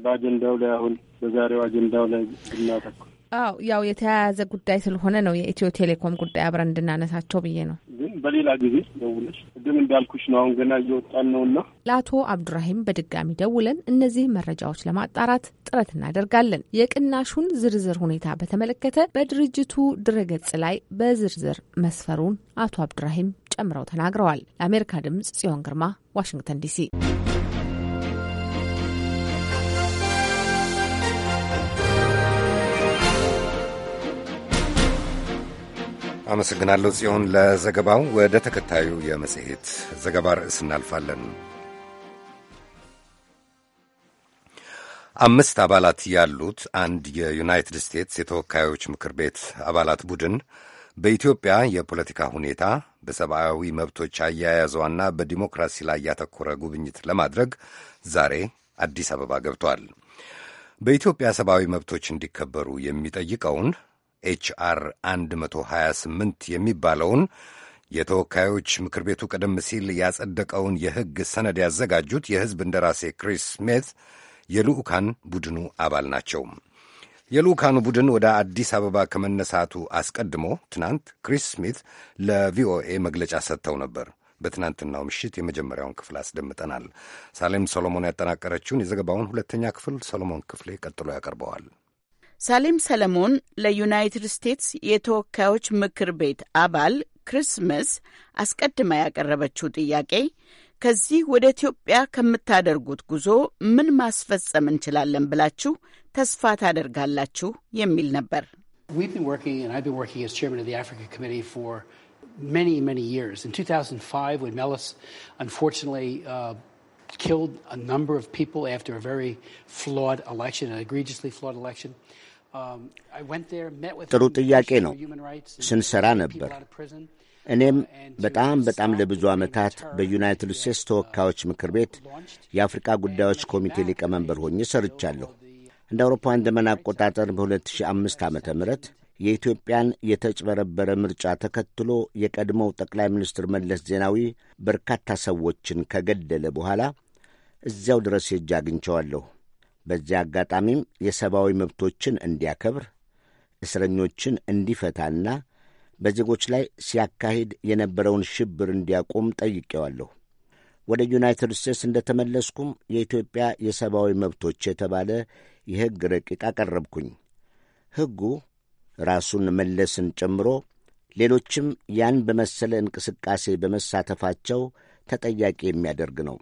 በአጀንዳው ላይ አሁን በዛሬው አጀንዳው ላይ ብናተኩር አው ያው የተያያዘ ጉዳይ ስለሆነ ነው የኢትዮ ቴሌኮም ጉዳይ አብረን እንድናነሳቸው ብዬ ነው። ግን በሌላ ጊዜ ደውለሽ ቅድም እንዳልኩሽ ነው። አሁን ገና እየወጣን ነው እና ለአቶ አብዱራሂም በድጋሚ ደውለን እነዚህ መረጃዎች ለማጣራት ጥረት እናደርጋለን። የቅናሹን ዝርዝር ሁኔታ በተመለከተ በድርጅቱ ድረገጽ ላይ በዝርዝር መስፈሩን አቶ አብዱራሂም ጨምረው ተናግረዋል። ለአሜሪካ ድምጽ ጽዮን ግርማ ዋሽንግተን ዲሲ አመሰግናለሁ ጽዮን ለዘገባው። ወደ ተከታዩ የመጽሔት ዘገባ ርዕስ እናልፋለን። አምስት አባላት ያሉት አንድ የዩናይትድ ስቴትስ የተወካዮች ምክር ቤት አባላት ቡድን በኢትዮጵያ የፖለቲካ ሁኔታ በሰብአዊ መብቶች አያያዘዋና በዲሞክራሲ ላይ ያተኮረ ጉብኝት ለማድረግ ዛሬ አዲስ አበባ ገብቷል። በኢትዮጵያ ሰብአዊ መብቶች እንዲከበሩ የሚጠይቀውን ኤችአር 128 የሚባለውን የተወካዮች ምክር ቤቱ ቀደም ሲል ያጸደቀውን የሕግ ሰነድ ያዘጋጁት የሕዝብ እንደራሴ ክሪስ ስሚት የልዑካን ቡድኑ አባል ናቸው። የልዑካኑ ቡድን ወደ አዲስ አበባ ከመነሳቱ አስቀድሞ ትናንት ክሪስ ስሚት ለቪኦኤ መግለጫ ሰጥተው ነበር። በትናንትናው ምሽት የመጀመሪያውን ክፍል አስደምጠናል። ሳሌም ሰሎሞን ያጠናቀረችውን የዘገባውን ሁለተኛ ክፍል ሰሎሞን ክፍሌ ቀጥሎ ያቀርበዋል። ሳሌም ሰለሞን ለዩናይትድ ስቴትስ የተወካዮች ምክር ቤት አባል ክርስመስ አስቀድማ ያቀረበችው ጥያቄ ከዚህ ወደ ኢትዮጵያ ከምታደርጉት ጉዞ ምን ማስፈጸም እንችላለን ብላችሁ ተስፋ ታደርጋላችሁ የሚል ነበር። Um, ጥሩ ጥያቄ ነው። ስንሰራ ነበር። እኔም uh, በጣም በጣም ለብዙ ዓመታት በዩናይትድ ስቴትስ uh, ተወካዮች ምክር ቤት የአፍሪካ ጉዳዮች ኮሚቴ ሊቀመንበር ሆኜ ሰርቻለሁ። እንደ አውሮፓውያን ዘመን አቆጣጠር በ2005 ዓ ም የኢትዮጵያን የተጭበረበረ ምርጫ ተከትሎ የቀድሞው ጠቅላይ ሚኒስትር መለስ ዜናዊ በርካታ ሰዎችን ከገደለ በኋላ እዚያው ድረስ ሄጄ አግኝቸዋለሁ። በዚያ አጋጣሚም የሰብአዊ መብቶችን እንዲያከብር እስረኞችን እንዲፈታና በዜጎች ላይ ሲያካሂድ የነበረውን ሽብር እንዲያቆም ጠይቄዋለሁ። ወደ ዩናይትድ ስቴትስ እንደተመለስኩም የኢትዮጵያ የሰብአዊ መብቶች የተባለ የሕግ ረቂቅ አቀረብኩኝ። ሕጉ ራሱን መለስን ጨምሮ ሌሎችም ያን በመሰለ እንቅስቃሴ በመሳተፋቸው ተጠያቂ የሚያደርግ ነው።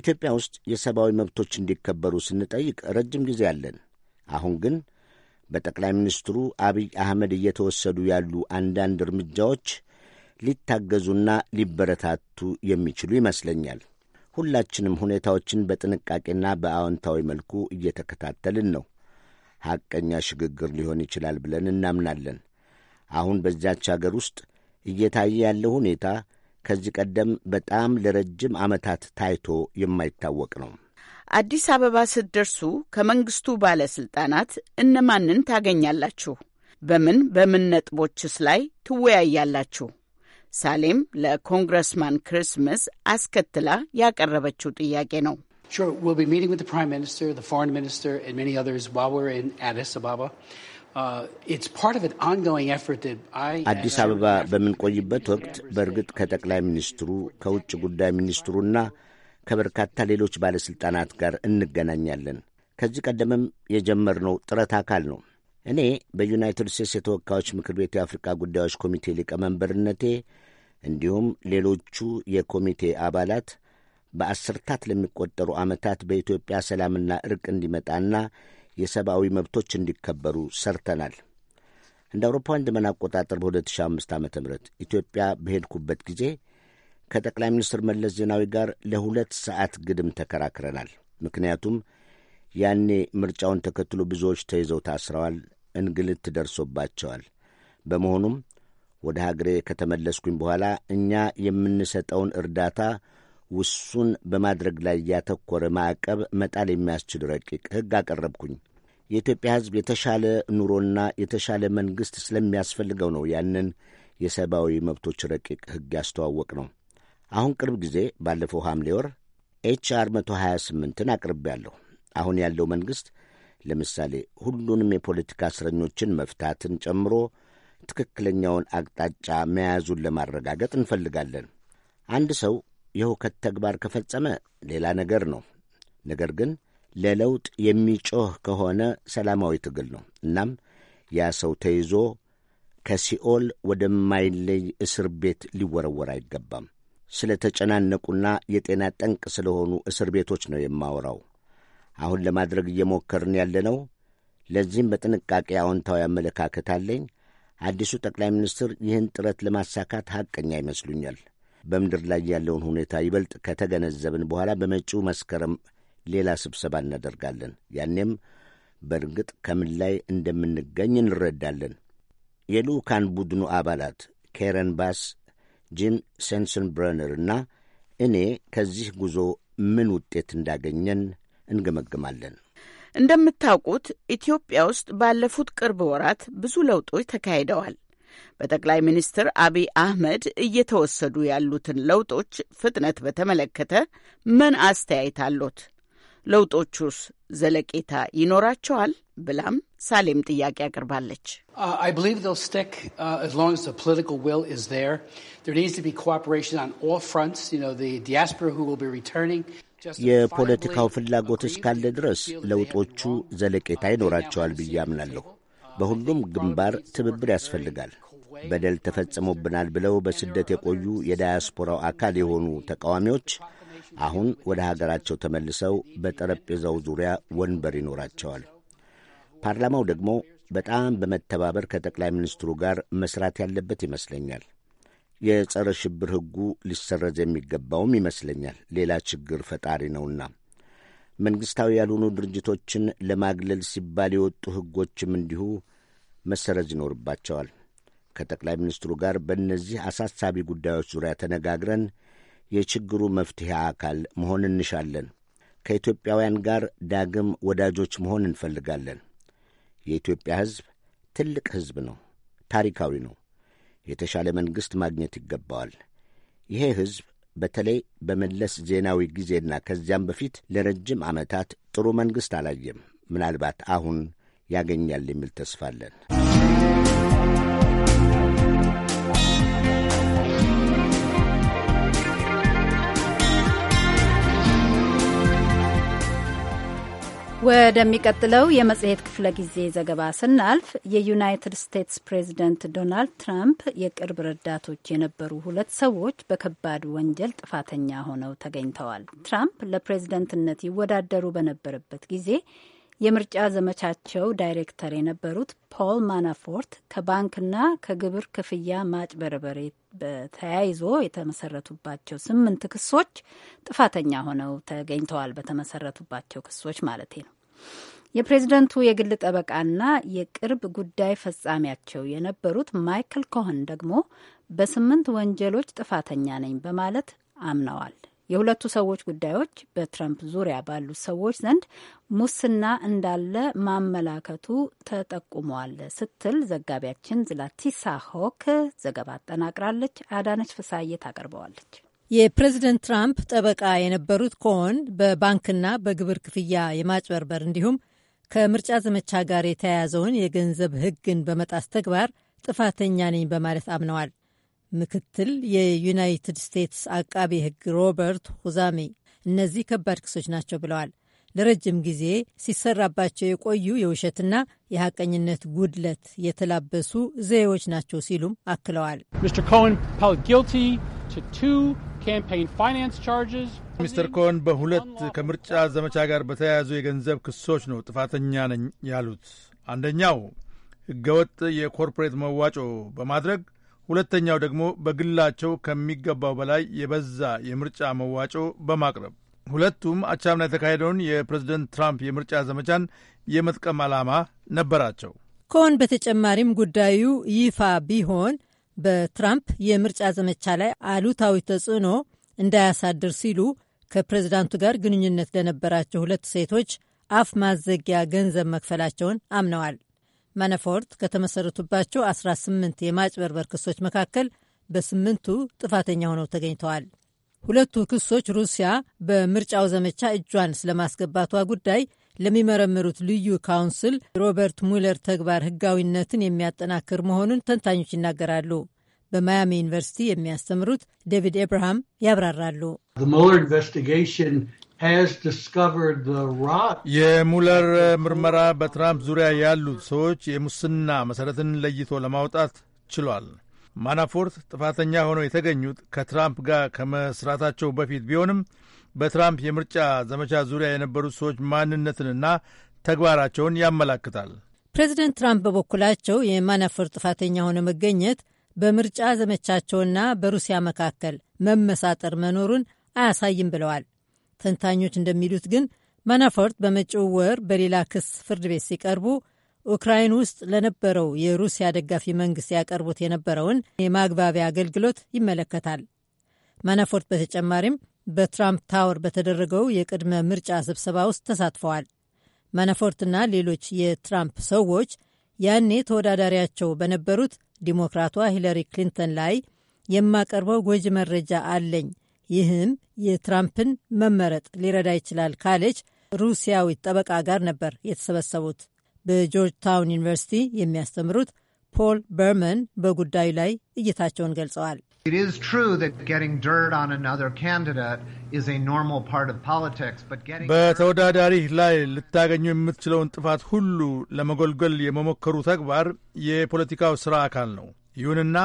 ኢትዮጵያ ውስጥ የሰብአዊ መብቶች እንዲከበሩ ስንጠይቅ ረጅም ጊዜ አለን። አሁን ግን በጠቅላይ ሚኒስትሩ አብይ አህመድ እየተወሰዱ ያሉ አንዳንድ እርምጃዎች ሊታገዙና ሊበረታቱ የሚችሉ ይመስለኛል። ሁላችንም ሁኔታዎችን በጥንቃቄና በአዎንታዊ መልኩ እየተከታተልን ነው። ሐቀኛ ሽግግር ሊሆን ይችላል ብለን እናምናለን። አሁን በዚያች አገር ውስጥ እየታየ ያለው ሁኔታ ከዚህ ቀደም በጣም ለረጅም ዓመታት ታይቶ የማይታወቅ ነው። አዲስ አበባ ስትደርሱ ከመንግስቱ ባለሥልጣናት እነማንን ታገኛላችሁ? በምን በምን ነጥቦችስ ላይ ትወያያላችሁ? ሳሌም ለኮንግረስማን ክርስምስ አስከትላ ያቀረበችው ጥያቄ ነው። Sure, we'll be meeting with the Prime Minister, the Foreign Minister, and many others while we're in Addis Ababa. Uh, አዲስ አበባ በምንቆይበት ወቅት በእርግጥ ከጠቅላይ ሚኒስትሩ ከውጭ ጉዳይ ሚኒስትሩና ከበርካታ ሌሎች ባለሥልጣናት ጋር እንገናኛለን። ከዚህ ቀደምም የጀመርነው ጥረት አካል ነው። እኔ በዩናይትድ ስቴትስ የተወካዮች ምክር ቤት የአፍሪካ ጉዳዮች ኮሚቴ ሊቀመንበርነቴ እንዲሁም ሌሎቹ የኮሚቴ አባላት በአስርታት ለሚቆጠሩ ዓመታት በኢትዮጵያ ሰላምና እርቅ እንዲመጣና የሰብአዊ መብቶች እንዲከበሩ ሰርተናል። እንደ አውሮፓውያን ዘመን አቆጣጠር በ2005 ዓ ም ኢትዮጵያ በሄድኩበት ጊዜ ከጠቅላይ ሚኒስትር መለስ ዜናዊ ጋር ለሁለት ሰዓት ግድም ተከራክረናል። ምክንያቱም ያኔ ምርጫውን ተከትሎ ብዙዎች ተይዘው ታስረዋል፣ እንግልት ደርሶባቸዋል። በመሆኑም ወደ ሀገሬ ከተመለስኩኝ በኋላ እኛ የምንሰጠውን እርዳታ ውሱን በማድረግ ላይ ያተኮረ ማዕቀብ መጣል የሚያስችል ረቂቅ ሕግ አቀረብኩኝ። የኢትዮጵያ ሕዝብ የተሻለ ኑሮና የተሻለ መንግሥት ስለሚያስፈልገው ነው ያንን የሰብአዊ መብቶች ረቂቅ ሕግ ያስተዋወቅ ነው። አሁን ቅርብ ጊዜ ባለፈው ሐምሌ ወር ኤችአር 128ን አቅርቤያለሁ። አሁን ያለው መንግሥት ለምሳሌ ሁሉንም የፖለቲካ እስረኞችን መፍታትን ጨምሮ ትክክለኛውን አቅጣጫ መያዙን ለማረጋገጥ እንፈልጋለን። አንድ ሰው የሁከት ተግባር ከፈጸመ ሌላ ነገር ነው። ነገር ግን ለለውጥ የሚጮህ ከሆነ ሰላማዊ ትግል ነው። እናም ያ ሰው ተይዞ ከሲኦል ወደማይለይ እስር ቤት ሊወረወር አይገባም። ስለ ተጨናነቁና የጤና ጠንቅ ስለሆኑ እስር ቤቶች ነው የማወራው። አሁን ለማድረግ እየሞከርን ያለነው ለዚህም በጥንቃቄ አዎንታዊ አመለካከት አለኝ። አዲሱ ጠቅላይ ሚኒስትር ይህን ጥረት ለማሳካት ሐቀኛ ይመስሉኛል። በምድር ላይ ያለውን ሁኔታ ይበልጥ ከተገነዘብን በኋላ በመጪው መስከረም ሌላ ስብሰባ እናደርጋለን። ያኔም በእርግጥ ከምን ላይ እንደምንገኝ እንረዳለን። የልዑካን ቡድኑ አባላት ኬረን ባስ፣ ጂም ሴንስንብረነር እና እኔ ከዚህ ጉዞ ምን ውጤት እንዳገኘን እንገመግማለን። እንደምታውቁት ኢትዮጵያ ውስጥ ባለፉት ቅርብ ወራት ብዙ ለውጦች ተካሂደዋል። በጠቅላይ ሚኒስትር አቢይ አህመድ እየተወሰዱ ያሉትን ለውጦች ፍጥነት በተመለከተ ምን አስተያየት አሎት? ለውጦቹስ ዘለቄታ ይኖራቸዋል? ብላም ሳሌም ጥያቄ አቅርባለች። የፖለቲካው ፍላጎት እስካለ ድረስ ለውጦቹ ዘለቄታ ይኖራቸዋል ብዬ አምናለሁ። uh, በሁሉም ግንባር ትብብር ያስፈልጋል። በደል ተፈጽሞብናል ብለው በስደት የቆዩ የዳያስፖራው አካል የሆኑ ተቃዋሚዎች አሁን ወደ ሀገራቸው ተመልሰው በጠረጴዛው ዙሪያ ወንበር ይኖራቸዋል። ፓርላማው ደግሞ በጣም በመተባበር ከጠቅላይ ሚኒስትሩ ጋር መስራት ያለበት ይመስለኛል። የጸረ ሽብር ሕጉ ሊሰረዝ የሚገባውም ይመስለኛል። ሌላ ችግር ፈጣሪ ነውና መንግሥታዊ ያልሆኑ ድርጅቶችን ለማግለል ሲባል የወጡ ሕጎችም እንዲሁ መሰረዝ ይኖርባቸዋል። ከጠቅላይ ሚኒስትሩ ጋር በእነዚህ አሳሳቢ ጉዳዮች ዙሪያ ተነጋግረን የችግሩ መፍትሄ አካል መሆን እንሻለን። ከኢትዮጵያውያን ጋር ዳግም ወዳጆች መሆን እንፈልጋለን። የኢትዮጵያ ሕዝብ ትልቅ ሕዝብ ነው፣ ታሪካዊ ነው። የተሻለ መንግሥት ማግኘት ይገባዋል። ይሄ ሕዝብ በተለይ በመለስ ዜናዊ ጊዜና ከዚያም በፊት ለረጅም ዓመታት ጥሩ መንግሥት አላየም። ምናልባት አሁን ያገኛል የሚል ተስፋ አለን። ወደሚቀጥለው የመጽሔት ክፍለ ጊዜ ዘገባ ስናልፍ የዩናይትድ ስቴትስ ፕሬዚደንት ዶናልድ ትራምፕ የቅርብ ረዳቶች የነበሩ ሁለት ሰዎች በከባድ ወንጀል ጥፋተኛ ሆነው ተገኝተዋል። ትራምፕ ለፕሬዝደንትነት ይወዳደሩ በነበረበት ጊዜ የምርጫ ዘመቻቸው ዳይሬክተር የነበሩት ፖል ማናፎርት ከባንክና ከግብር ክፍያ ማጭበርበር ተያይዞ የተመሰረቱባቸው ስምንት ክሶች ጥፋተኛ ሆነው ተገኝተዋል። በተመሰረቱባቸው ክሶች ማለቴ ነው። የፕሬዝደንቱ የግል ጠበቃና የቅርብ ጉዳይ ፈጻሚያቸው የነበሩት ማይክል ኮህን ደግሞ በስምንት ወንጀሎች ጥፋተኛ ነኝ በማለት አምነዋል። የሁለቱ ሰዎች ጉዳዮች በትረምፕ ዙሪያ ባሉት ሰዎች ዘንድ ሙስና እንዳለ ማመላከቱ ተጠቁመዋል ስትል ዘጋቢያችን ዝላቲሳ ሆክ ዘገባ አጠናቅራለች። አዳነች ፍሳዬ ታቀርበዋለች። የፕሬዚደንት ትራምፕ ጠበቃ የነበሩት ኮሆን በባንክና በግብር ክፍያ የማጭበርበር እንዲሁም ከምርጫ ዘመቻ ጋር የተያያዘውን የገንዘብ ሕግን በመጣስ ተግባር ጥፋተኛ ነኝ በማለት አምነዋል። ምክትል የዩናይትድ ስቴትስ አቃቢ ሕግ ሮበርት ሁዛሚ እነዚህ ከባድ ክሶች ናቸው ብለዋል። ለረጅም ጊዜ ሲሰራባቸው የቆዩ የውሸትና የሐቀኝነት ጉድለት የተላበሱ ዘዬዎች ናቸው ሲሉም አክለዋል። ሚስተር ኮን በሁለት ከምርጫ ዘመቻ ጋር በተያያዙ የገንዘብ ክሶች ነው ጥፋተኛ ነኝ ያሉት። አንደኛው ሕገወጥ የኮርፖሬት መዋጮ በማድረግ ሁለተኛው ደግሞ በግላቸው ከሚገባው በላይ የበዛ የምርጫ መዋጮ በማቅረብ ሁለቱም አቻምና የተካሄደውን የፕሬዝደንት ትራምፕ የምርጫ ዘመቻን የመጥቀም ዓላማ ነበራቸው። ከሆን በተጨማሪም ጉዳዩ ይፋ ቢሆን በትራምፕ የምርጫ ዘመቻ ላይ አሉታዊ ተጽዕኖ እንዳያሳድር ሲሉ ከፕሬዝዳንቱ ጋር ግንኙነት ለነበራቸው ሁለት ሴቶች አፍ ማዘጊያ ገንዘብ መክፈላቸውን አምነዋል። ማነፎርት ከተመሰረቱባቸው 18 የማጭበርበር ክሶች መካከል በስምንቱ ጥፋተኛ ሆነው ተገኝተዋል። ሁለቱ ክሶች ሩሲያ በምርጫው ዘመቻ እጇን ስለማስገባቷ ጉዳይ ለሚመረምሩት ልዩ ካውንስል ሮበርት ሙለር ተግባር ህጋዊነትን የሚያጠናክር መሆኑን ተንታኞች ይናገራሉ። በማያሚ ዩኒቨርሲቲ የሚያስተምሩት ዴቪድ ኤብርሃም ያብራራሉ። የሙለር ምርመራ በትራምፕ ዙሪያ ያሉት ሰዎች የሙስና መሠረትን ለይቶ ለማውጣት ችሏል። ማናፎርት ጥፋተኛ ሆነው የተገኙት ከትራምፕ ጋር ከመስራታቸው በፊት ቢሆንም በትራምፕ የምርጫ ዘመቻ ዙሪያ የነበሩት ሰዎች ማንነትንና ተግባራቸውን ያመላክታል። ፕሬዚደንት ትራምፕ በበኩላቸው የማናፎርት ጥፋተኛ ሆነ መገኘት በምርጫ ዘመቻቸውና በሩሲያ መካከል መመሳጠር መኖሩን አያሳይም ብለዋል። ተንታኞች እንደሚሉት ግን ማናፎርት በመጪው ወር በሌላ ክስ ፍርድ ቤት ሲቀርቡ ኡክራይን ውስጥ ለነበረው የሩሲያ ደጋፊ መንግስት ያቀርቡት የነበረውን የማግባቢያ አገልግሎት ይመለከታል። ማናፎርት በተጨማሪም በትራምፕ ታወር በተደረገው የቅድመ ምርጫ ስብሰባ ውስጥ ተሳትፈዋል። ማናፎርትና ሌሎች የትራምፕ ሰዎች ያኔ ተወዳዳሪያቸው በነበሩት ዲሞክራቷ ሂለሪ ክሊንተን ላይ የማቀርበው ጎጂ መረጃ አለኝ ይህም የትራምፕን መመረጥ ሊረዳ ይችላል ካለች ሩሲያዊት ጠበቃ ጋር ነበር የተሰበሰቡት። በጆርጅ ታውን ዩኒቨርሲቲ የሚያስተምሩት ፖል በርመን በጉዳዩ ላይ እይታቸውን ገልጸዋል። በተወዳዳሪህ ላይ ልታገኙ የምትችለውን ጥፋት ሁሉ ለመጎልገል የመሞከሩ ተግባር የፖለቲካው ሥራ አካል ነው። ይሁንና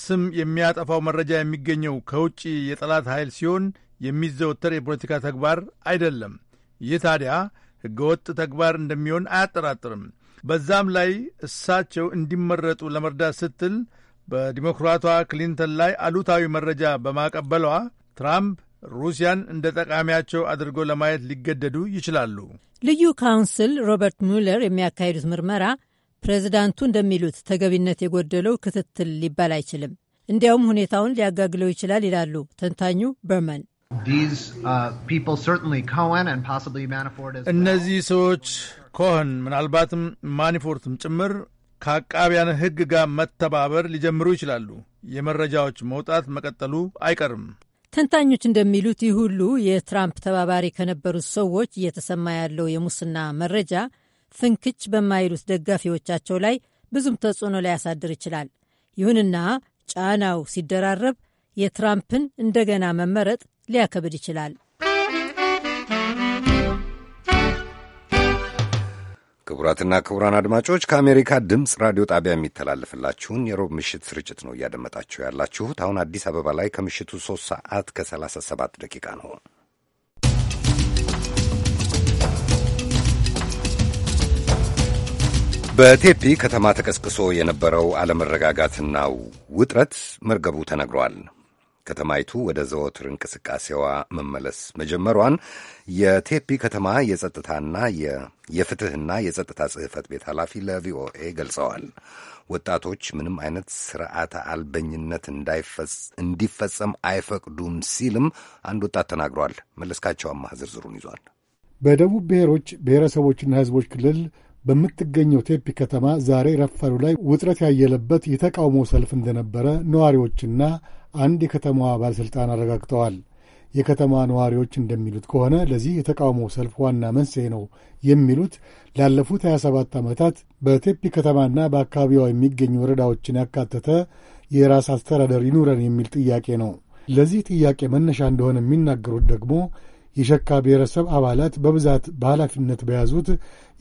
ስም የሚያጠፋው መረጃ የሚገኘው ከውጭ የጠላት ኃይል ሲሆን የሚዘወተር የፖለቲካ ተግባር አይደለም። ይህ ታዲያ ሕገወጥ ተግባር እንደሚሆን አያጠራጥርም። በዛም ላይ እሳቸው እንዲመረጡ ለመርዳት ስትል በዲሞክራቷ ክሊንተን ላይ አሉታዊ መረጃ በማቀበሏ ትራምፕ ሩሲያን እንደ ጠቃሚያቸው አድርጎ ለማየት ሊገደዱ ይችላሉ። ልዩ ካውንስል ሮበርት ሙለር የሚያካሂዱት ምርመራ ፕሬዚዳንቱ እንደሚሉት ተገቢነት የጎደለው ክትትል ሊባል አይችልም፣ እንዲያውም ሁኔታውን ሊያጋግለው ይችላል ይላሉ ተንታኙ በርመን። uh, እነዚህ ሰዎች ኮህን፣ ምናልባትም ማኒፎርትም ጭምር ከአቃቢያን ሕግ ጋር መተባበር ሊጀምሩ ይችላሉ። የመረጃዎች መውጣት መቀጠሉ አይቀርም። ተንታኞች እንደሚሉት ይህ ሁሉ የትራምፕ ተባባሪ ከነበሩት ሰዎች እየተሰማ ያለው የሙስና መረጃ ፍንክች በማይሉት ደጋፊዎቻቸው ላይ ብዙም ተጽዕኖ ሊያሳድር ይችላል። ይሁንና ጫናው ሲደራረብ የትራምፕን እንደገና መመረጥ ሊያከብድ ይችላል። ክቡራትና ክቡራን አድማጮች ከአሜሪካ ድምፅ ራዲዮ ጣቢያ የሚተላለፍላችሁን የሮብ ምሽት ስርጭት ነው እያደመጣችሁ ያላችሁት። አሁን አዲስ አበባ ላይ ከምሽቱ 3 ሰዓት ከ37 ደቂቃ ነው። በቴፒ ከተማ ተቀስቅሶ የነበረው አለመረጋጋትና ውጥረት መርገቡ ተነግሯል። ከተማይቱ ወደ ዘወትር እንቅስቃሴዋ መመለስ መጀመሯን የቴፒ ከተማ የጸጥታና የፍትህና የጸጥታ ጽህፈት ቤት ኃላፊ ለቪኦኤ ገልጸዋል። ወጣቶች ምንም አይነት ስርዓተ አልበኝነት እንዲፈጸም አይፈቅዱም ሲልም አንድ ወጣት ተናግሯል። መለስካቸው አማህ ዝርዝሩን ይዟል። በደቡብ ብሔሮች ብሔረሰቦችና ህዝቦች ክልል በምትገኘው ቴፒ ከተማ ዛሬ ረፈሩ ላይ ውጥረት ያየለበት የተቃውሞ ሰልፍ እንደነበረ ነዋሪዎችና አንድ የከተማዋ ባለሥልጣን አረጋግጠዋል። የከተማ ነዋሪዎች እንደሚሉት ከሆነ ለዚህ የተቃውሞ ሰልፍ ዋና መንስኤ ነው የሚሉት ላለፉት 27 ዓመታት በቴፒ ከተማና በአካባቢዋ የሚገኙ ወረዳዎችን ያካተተ የራስ አስተዳደር ይኑረን የሚል ጥያቄ ነው። ለዚህ ጥያቄ መነሻ እንደሆነ የሚናገሩት ደግሞ የሸካ ብሔረሰብ አባላት በብዛት በኃላፊነት በያዙት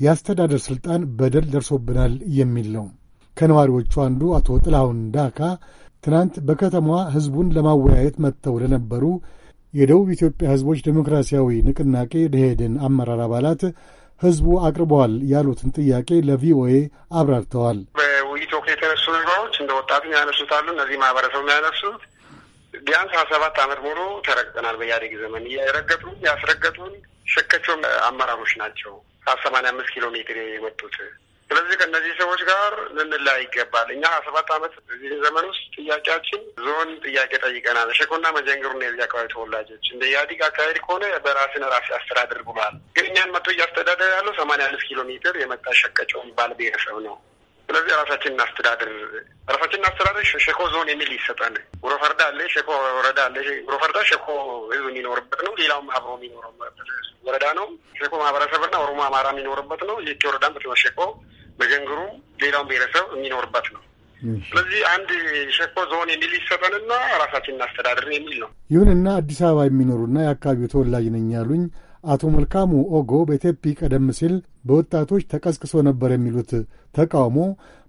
የአስተዳደር ሥልጣን በደል ደርሶብናል የሚል ነው። ከነዋሪዎቹ አንዱ አቶ ጥላሁን ዳካ ትናንት በከተማዋ ሕዝቡን ለማወያየት መጥተው ለነበሩ የደቡብ ኢትዮጵያ ሕዝቦች ዴሞክራሲያዊ ንቅናቄ ደኢህዴን አመራር አባላት ሕዝቡ አቅርበዋል ያሉትን ጥያቄ ለቪኦኤ አብራርተዋል። በውይይት ወቅት የተነሱ ነገሮች እንደ ወጣቱ ያነሱታሉ እነዚህ ማህበረሰብ ያነሱት ቢያንስ ሀያ ሰባት ዓመት ሙሉ ተረግጠናል። በኢህአዴግ ዘመን የረገጡን ያስረገጡን ሸከቸውም አመራሮች ናቸው። ከሰማንያ አምስት ኪሎ ሜትር የወጡት። ስለዚህ ከእነዚህ ሰዎች ጋር ልንለያ ይገባል። እኛ ሀያ ሰባት አመት እዚህ ዘመን ውስጥ ጥያቄያችን ዞን ጥያቄ ጠይቀናል። ሸኮና መጀንገሩ ነው የዚህ አካባቢ ተወላጆች። እንደ ኢህአዲግ አካሄድ ከሆነ በራስን ራስ አስተዳድር ብሏል። ግን እኛን መጥቶ እያስተዳደር ያለው ሰማንያ አምስት ኪሎ ሜትር የመጣ ሸቀጨው የሚባል ብሔረሰብ ነው። ስለዚህ ራሳችን እናስተዳድር ራሳችን እናስተዳድር ሸኮ ዞን የሚል ይሰጠን። ጉሮፈርዳ አለ፣ ሸኮ ወረዳ አለ። ጉሮፈርዳ ሸኮ ህዝብ የሚኖርበት ነው። ሌላውም አብሮ የሚኖርበት ወረዳ ነው። ሸኮ ማህበረሰብና ኦሮሞ አማራ የሚኖርበት ነው። የቲ ወረዳም ሸኮ መገንግሩ ሌላውም ብሔረሰብ የሚኖርበት ነው። ስለዚህ አንድ ሸኮ ዞን የሚል ይሰጠንና ራሳችን እናስተዳድር የሚል ነው። ይሁንና አዲስ አበባ የሚኖሩና የአካባቢው ተወላጅ ነኝ ያሉኝ አቶ መልካሙ ኦጎ በቴፒ ቀደም ሲል በወጣቶች ተቀስቅሶ ነበር የሚሉት ተቃውሞ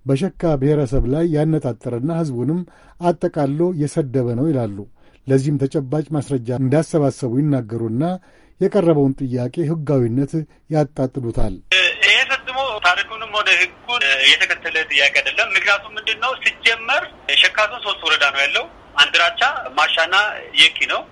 በሸካ ብሔረሰብ ላይ ያነጣጠረና ሕዝቡንም አጠቃሎ የሰደበ ነው ይላሉ። ለዚህም ተጨባጭ ማስረጃ እንዳሰባሰቡ ይናገሩና የቀረበውን ጥያቄ ሕጋዊነት ያጣጥሉታል። ይሄ ፈጽሞ ታሪኩንም ሆነ ሕጉን የተከተለ ጥያቄ አይደለም። ምክንያቱም ምንድን ነው ሲጀመር ሸካቱን ሶስት ወረዳ ነው ያለው። አንድራቻ፣ ማሻና የኪ ነው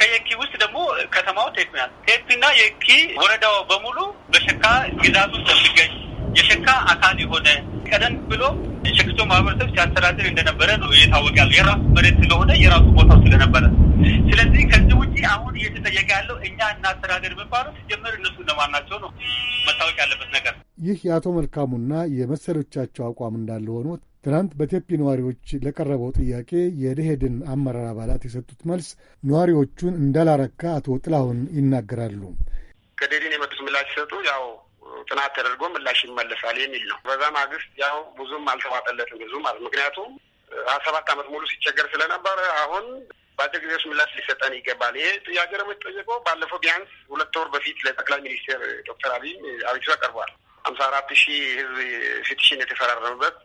ከየኪ ውስጥ ደግሞ ከተማው ቴፒ ናት። ቴፒና የኪ ወረዳው በሙሉ በሸካ ግዛት ውስጥ የሚገኝ የሸካ አካል የሆነ ቀደም ብሎ የሸክቶ ማህበረሰብ ሲያስተዳድር እንደነበረ ነው የታወቃል። የራሱ መሬት ስለሆነ የራሱ ቦታው ስለነበረ፣ ስለዚህ ከዚህ ውጭ አሁን እየተጠየቀ ያለው እኛ እናስተዳደር የሚባሉ ሲጀምር እነሱ እነማን ናቸው ነው መታወቅ ያለበት ነገር። ይህ የአቶ መልካሙና የመሰሎቻቸው አቋም እንዳለ ሆኖ ትናንት በቴፒ ነዋሪዎች ለቀረበው ጥያቄ የደሄድን አመራር አባላት የሰጡት መልስ ነዋሪዎቹን እንዳላረካ አቶ ጥላሁን ይናገራሉ። ከደሄድን የመጡት ምላሽ ሲሰጡ ያው ጥናት ተደርጎ ምላሽ ይመለሳል የሚል ነው። በዛ ማግስት ያው ብዙም አልተዋጠለትም ብዙ ማለት ምክንያቱም ሀያ ሰባት አመት ሙሉ ሲቸገር ስለነበረ አሁን በአጭር ጊዜ ውስጥ ምላሽ ሊሰጠን ይገባል። ይሄ ጥያቄ ደግሞ የተጠየቀው ባለፈው ቢያንስ ሁለት ወር በፊት ለጠቅላይ ሚኒስቴር ዶክተር አብይ አቤቱታ ቀርቧል። ሀምሳ አራት ሺህ ህዝብ ፊትሽን የተፈራረመበት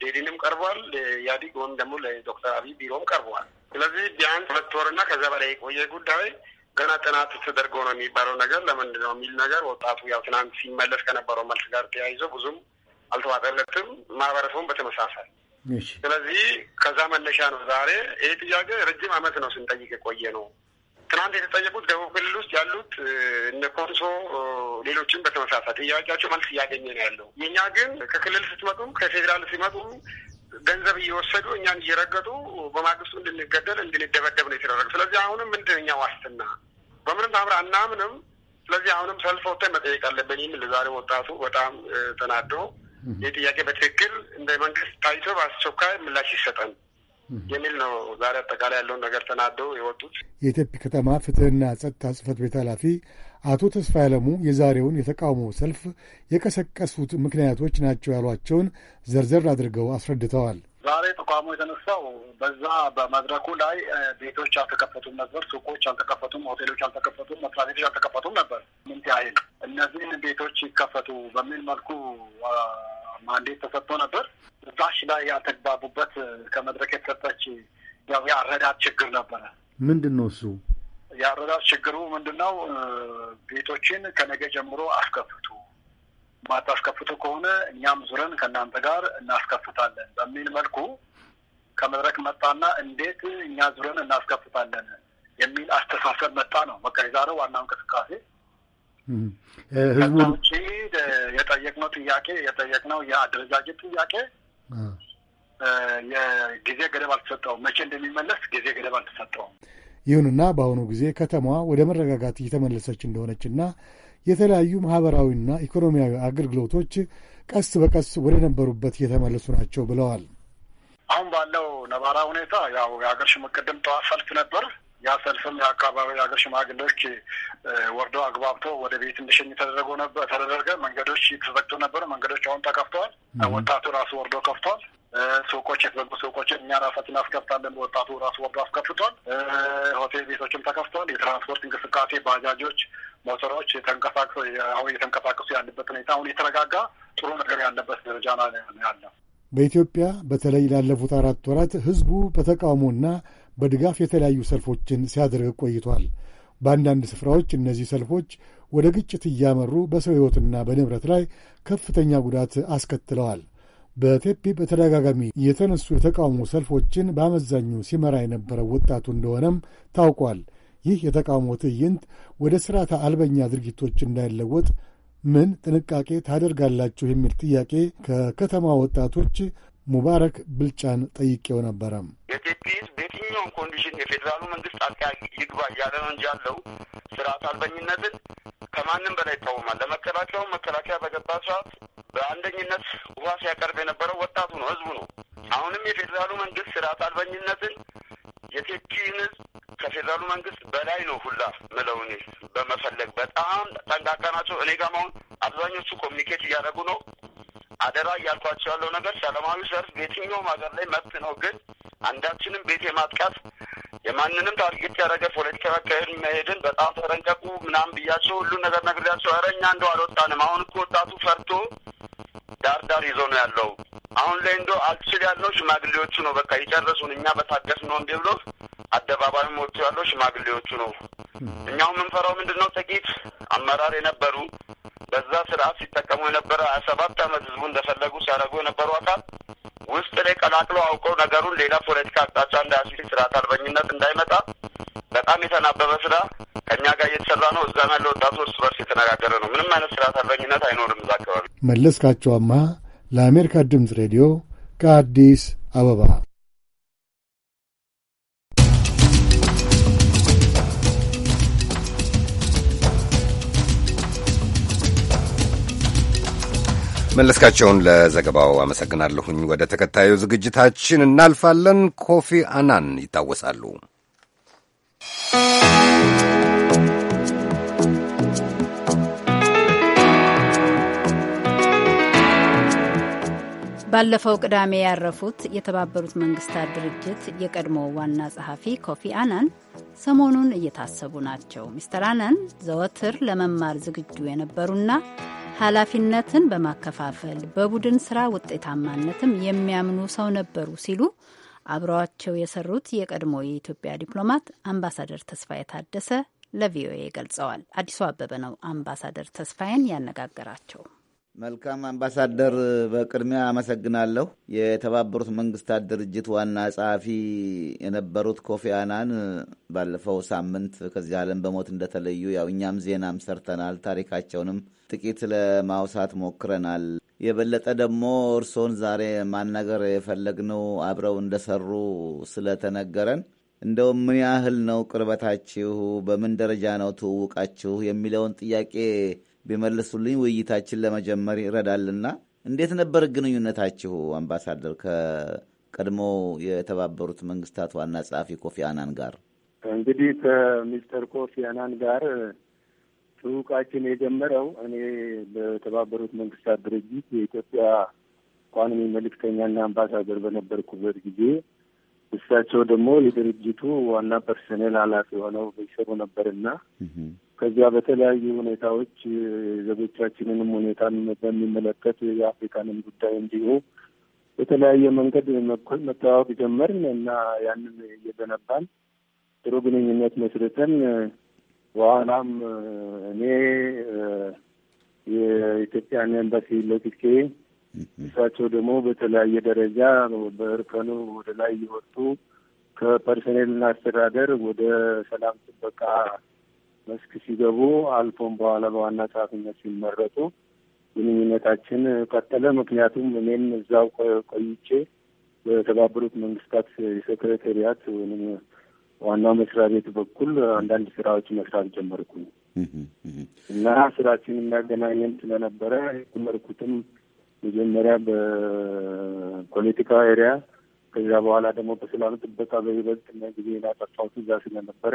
ዴዲንም ቀርቧል። ኢህአዲግ ወይም ደግሞ ለዶክተር አብይ ቢሮም ቀርቧል። ስለዚህ ቢያንስ ሁለት ወርና ከዚያ በላይ የቆየ ጉዳይ ገና ጥናት ተደርጎ ነው የሚባለው ነገር ለምንድን ነው የሚል ነገር ወጣቱ ያው ትናንት ሲመለስ ከነበረው መልስ ጋር ተያይዞ ብዙም አልተዋጠለትም። ማህበረሰቡም በተመሳሳይ ስለዚህ ከዛ መነሻ ነው ዛሬ ይህ ጥያቄ ረጅም አመት ነው ስንጠይቅ የቆየ ነው። ትናንት የተጠየቁት ደቡብ ክልል ውስጥ ያሉት እነ ኮንሶ፣ ሌሎችም በተመሳሳይ ጥያቄያቸው መልስ እያገኘ ነው ያለው። የእኛ ግን ከክልል ስትመጡም ከፌዴራል ሲመጡም ገንዘብ እየወሰዱ እኛን እየረገጡ በማግስቱ እንድንገደል እንድንደበደብ ነው የተደረገ። ስለዚህ አሁንም ምንድን እኛ ዋስትና በምንም ታምር አናምንም። ስለዚህ አሁንም ሰልፍ ወጥተን መጠየቅ አለብን የሚል ዛሬ ወጣቱ በጣም ተናዶ ይህ ጥያቄ በትክክል እንደ መንግስት ታይቶ በአስቸኳይ ምላሽ ይሰጠን የሚል ነው። ዛሬ አጠቃላይ ያለውን ነገር ተናደው የወጡት የኢትዮጵያ ከተማ ፍትህና ጸጥታ ጽህፈት ቤት ኃላፊ አቶ ተስፋ ያለሙ የዛሬውን የተቃውሞ ሰልፍ የቀሰቀሱት ምክንያቶች ናቸው ያሏቸውን ዘርዘር አድርገው አስረድተዋል። ዛሬ ተቃውሞ የተነሳው በዛ በመድረኩ ላይ ቤቶች አልተከፈቱም ነበር፣ ሱቆች አልተከፈቱም፣ ሆቴሎች አልተከፈቱም፣ መስሪያ ቤቶች አልተከፈቱም ነበር። ምንት ያህል እነዚህን ቤቶች ይከፈቱ በሚል መልኩ ማንዴት ተሰጥቶ ነበር። እዛሽ ላይ ያልተግባቡበት ከመድረክ የተሰጠች ያው የአረዳድ ችግር ነበረ። ምንድን ነው እሱ የአረዳድ ችግሩ ምንድን ነው? ቤቶችን ከነገ ጀምሮ አስከፍቱ፣ ማታስከፍቱ ከሆነ እኛም ዙረን ከእናንተ ጋር እናስከፍታለን በሚል መልኩ ከመድረክ መጣና እንዴት እኛ ዙረን እናስከፍታለን የሚል አስተሳሰብ መጣ ነው። በቃ የዛሬው ዋና እንቅስቃሴ ህዝቡ ውጭ የጠየቅነው ጥያቄ የጠየቅነው የአደረጃጀት ጥያቄ የጊዜ ገደብ አልተሰጠውም። መቼ እንደሚመለስ ጊዜ ገደብ አልተሰጠውም። ይሁንና በአሁኑ ጊዜ ከተማዋ ወደ መረጋጋት እየተመለሰች እንደሆነችና የተለያዩ ማህበራዊና ኢኮኖሚያዊ አገልግሎቶች ቀስ በቀስ ወደ ነበሩበት እየተመለሱ ናቸው ብለዋል። አሁን ባለው ነባራ ሁኔታ ያው የሀገር ሽምቅድም ጠዋት ሰልፍ ነበር። ያ ሰልፍም የአካባቢ የሀገር ሽማግሌዎች ወርዶ አግባብቶ ወደ ቤት እንዲሸኝ ተደረጎ ነበር ተደረገ። መንገዶች ተዘግቶ ነበር። መንገዶች አሁን ተከፍተዋል። ወጣቱ ራሱ ወርዶ ከፍቷል። ሱቆች የተዘጉ ሱቆችን እኛ ራሳችን አስከፍታለን። ወጣቱ ራሱ ወርዶ አስከፍቷል። ሆቴል ቤቶችም ተከፍተዋል። የትራንስፖርት እንቅስቃሴ ባጃጆች፣ ሞተሮች ተንቀሳቅሶ አሁን እየተንቀሳቀሱ ያለበት ሁኔታ አሁን የተረጋጋ ጥሩ ነገር ያለበት ደረጃ ነው ያለው። በኢትዮጵያ በተለይ ላለፉት አራት ወራት ህዝቡ በተቃውሞና በድጋፍ የተለያዩ ሰልፎችን ሲያደርግ ቆይቷል። በአንዳንድ ስፍራዎች እነዚህ ሰልፎች ወደ ግጭት እያመሩ በሰው ሕይወትና በንብረት ላይ ከፍተኛ ጉዳት አስከትለዋል። በቴፒ በተደጋጋሚ የተነሱ የተቃውሞ ሰልፎችን በአመዛኙ ሲመራ የነበረው ወጣቱ እንደሆነም ታውቋል። ይህ የተቃውሞ ትዕይንት ወደ ሥርዓተ አልበኛ ድርጊቶች እንዳይለወጥ ምን ጥንቃቄ ታደርጋላችሁ የሚል ጥያቄ ከከተማ ወጣቶች ሙባረክ ብልጫን ጠይቄው ነበረ። የቴፒ ህዝብ በየትኛውም ኮንዲሽን የፌዴራሉ መንግስት ጣልቃ ይግባ እያለ ነው እንጂ ያለው ስርዓት አልበኝነትን ከማንም በላይ ይቃወማል። ለመከላከያው መከላከያ በገባ ሰዓት በአንደኝነት ውሃ ሲያቀርብ የነበረው ወጣቱ ነው፣ ህዝቡ ነው። አሁንም የፌዴራሉ መንግስት ስርዓት አልበኝነትን የቴፒን ህዝብ ከፌዴራሉ መንግስት በላይ ነው ሁላ ምለው እኔ በመፈለግ በጣም ጠንቃቃ ናቸው። እኔ ጋም አሁን አብዛኞቹ ኮሚኒኬት እያደረጉ ነው አደራ እያልኳቸው ያለው ነገር ሰላማዊ ሰልፍ በየትኛውም ሀገር ላይ መብት ነው። ግን አንዳችንም ቤት የማጥቃት የማንንም ታርጌት ያደረገ ፖለቲካ አካሄድ መሄድን በጣም ተጠንቀቁ ምናምን ብያቸው ሁሉ ነገር ነግሬያቸው፣ ኧረ እኛ እንደው አልወጣንም። አሁን እኮ ወጣቱ ፈርቶ ዳር ዳር ይዞ ነው ያለው። አሁን ላይ እንደው አልችል ያለው ሽማግሌዎቹ ነው። በቃ የጨረሱን እኛ በታገስ ነው እንዴ ብሎ አደባባይም ወጥቶ ያለው ሽማግሌዎቹ ነው። እኛው የምንፈራው ምንድን ነው? ጥቂት አመራር የነበሩ በዛ ስርዓት ሲጠቀሙ የነበረ ሀያ ሰባት አመት ህዝቡ እንደፈለጉ ሲያደርጉ የነበሩ አካል ውስጥ ላይ ቀላቅለው አውቀው ነገሩን ሌላ ፖለቲካ አቅጣጫ እንዳያስ ስርዓት አልበኝነት እንዳይመጣ በጣም የተናበበ ስራ ከእኛ ጋር እየተሰራ ነው። እዛም ያለ ወጣቱ እርስ በርስ የተነጋገረ ነው። ምንም አይነት ስርዓት አልበኝነት አይኖርም እዛ አካባቢ። መለስካቸው አማሃ ለአሜሪካ ድምፅ ሬዲዮ ከአዲስ አበባ መለስካቸውን ለዘገባው አመሰግናለሁኝ። ወደ ተከታዩ ዝግጅታችን እናልፋለን። ኮፊ አናን ይታወሳሉ። ባለፈው ቅዳሜ ያረፉት የተባበሩት መንግስታት ድርጅት የቀድሞ ዋና ጸሐፊ ኮፊ አናን ሰሞኑን እየታሰቡ ናቸው። ሚስተር አናን ዘወትር ለመማር ዝግጁ የነበሩና ኃላፊነትን በማከፋፈል በቡድን ስራ ውጤታማነትም የሚያምኑ ሰው ነበሩ ሲሉ አብረዋቸው የሰሩት የቀድሞ የኢትዮጵያ ዲፕሎማት አምባሳደር ተስፋዬ ታደሰ ለቪኦኤ ገልጸዋል። አዲሱ አበበ ነው አምባሳደር ተስፋዬን ያነጋገራቸው። መልካም አምባሳደር፣ በቅድሚያ አመሰግናለሁ። የተባበሩት መንግስታት ድርጅት ዋና ጸሐፊ የነበሩት ኮፊ አናን ባለፈው ሳምንት ከዚህ ዓለም በሞት እንደተለዩ ያው እኛም ዜናም ሰርተናል ታሪካቸውንም ጥቂት ለማውሳት ሞክረናል። የበለጠ ደግሞ እርሶን ዛሬ ማናገር የፈለግነው አብረው እንደሰሩ ስለተነገረን እንደውም ምን ያህል ነው ቅርበታችሁ፣ በምን ደረጃ ነው ትውውቃችሁ የሚለውን ጥያቄ ቢመልሱልኝ ውይይታችን ለመጀመር ይረዳልና እንዴት ነበር ግንኙነታችሁ አምባሳደር ከቀድሞ የተባበሩት መንግስታት ዋና ጸሐፊ ኮፊ አናን ጋር? እንግዲህ ከሚስተር ኮፊ አናን ጋር ልዑቃችን የጀመረው እኔ በተባበሩት መንግስታት ድርጅት የኢትዮጵያ ቋሚ መልእክተኛና አምባሳደር በነበርኩበት ጊዜ እሳቸው ደግሞ የድርጅቱ ዋና ፐርሰኔል ኃላፊ ሆነው ይሰሩ ነበርና ከዚያ በተለያዩ ሁኔታዎች ዜጎቻችንንም ሁኔታን በሚመለከት የአፍሪካንም ጉዳይ እንዲሁ በተለያየ መንገድ መተዋወቅ ጀመርን እና ያንን እየገነባን ጥሩ ግንኙነት መስርተን በኋላም እኔ የኢትዮጵያን ኤምባሲ ለቅቄ እሳቸው ደግሞ በተለያየ ደረጃ በእርከኑ ወደ ላይ እየወጡ ከፐርሰኔልና አስተዳደር ወደ ሰላም ጥበቃ መስክ ሲገቡ አልፎም በኋላ በዋና ጸሐፊነት ሲመረጡ ግንኙነታችን ቀጠለ። ምክንያቱም እኔም እዛው ቆይቼ በተባበሩት መንግስታት የሴክሬታሪያት ወይም ዋናው መስሪያ ቤት በኩል አንዳንድ ስራዎች መስራት ጀመርኩ እና ስራችን የሚያገናኘን ስለነበረ የጀመርኩትም መጀመሪያ በፖለቲካ ኤሪያ ከዚያ በኋላ ደግሞ በሰላም ጥበቃ በይበልጥ ጊዜ ላጠፋሁት እዛ ስለነበረ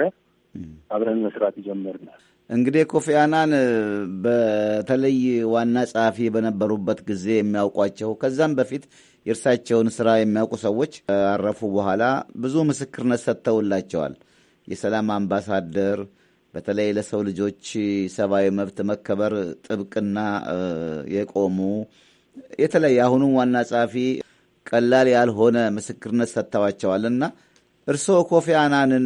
አብረን መስራት ይጀምርናል። እንግዲህ ኮፊ አናን በተለይ ዋና ጸሐፊ በነበሩበት ጊዜ የሚያውቋቸው ከዛም በፊት የእርሳቸውን ስራ የሚያውቁ ሰዎች አረፉ በኋላ ብዙ ምስክርነት ሰጥተውላቸዋል። የሰላም አምባሳደር፣ በተለይ ለሰው ልጆች ሰብአዊ መብት መከበር ጥብቅና የቆሙ የተለይ አሁኑም ዋና ጸሐፊ ቀላል ያልሆነ ምስክርነት ሰጥተዋቸዋል እና እርስዎ ኮፊ አናንን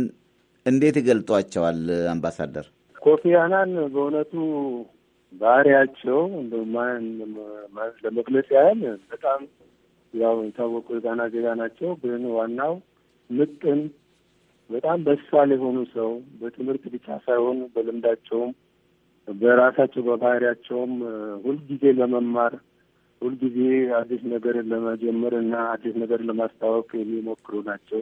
እንዴት ይገልጧቸዋል አምባሳደር? ኮፊ አናን በእውነቱ ባህሪያቸው ለመግለጽ ያህል በጣም ያው የታወቁ የጋና ዜጋ ናቸው። ግን ዋናው ምጥን በጣም በሳል የሆኑ ሰው በትምህርት ብቻ ሳይሆን በልምዳቸውም በራሳቸው በባህሪያቸውም ሁልጊዜ ለመማር ሁልጊዜ አዲስ ነገር ለመጀመር እና አዲስ ነገር ለማስታወቅ የሚሞክሩ ናቸው።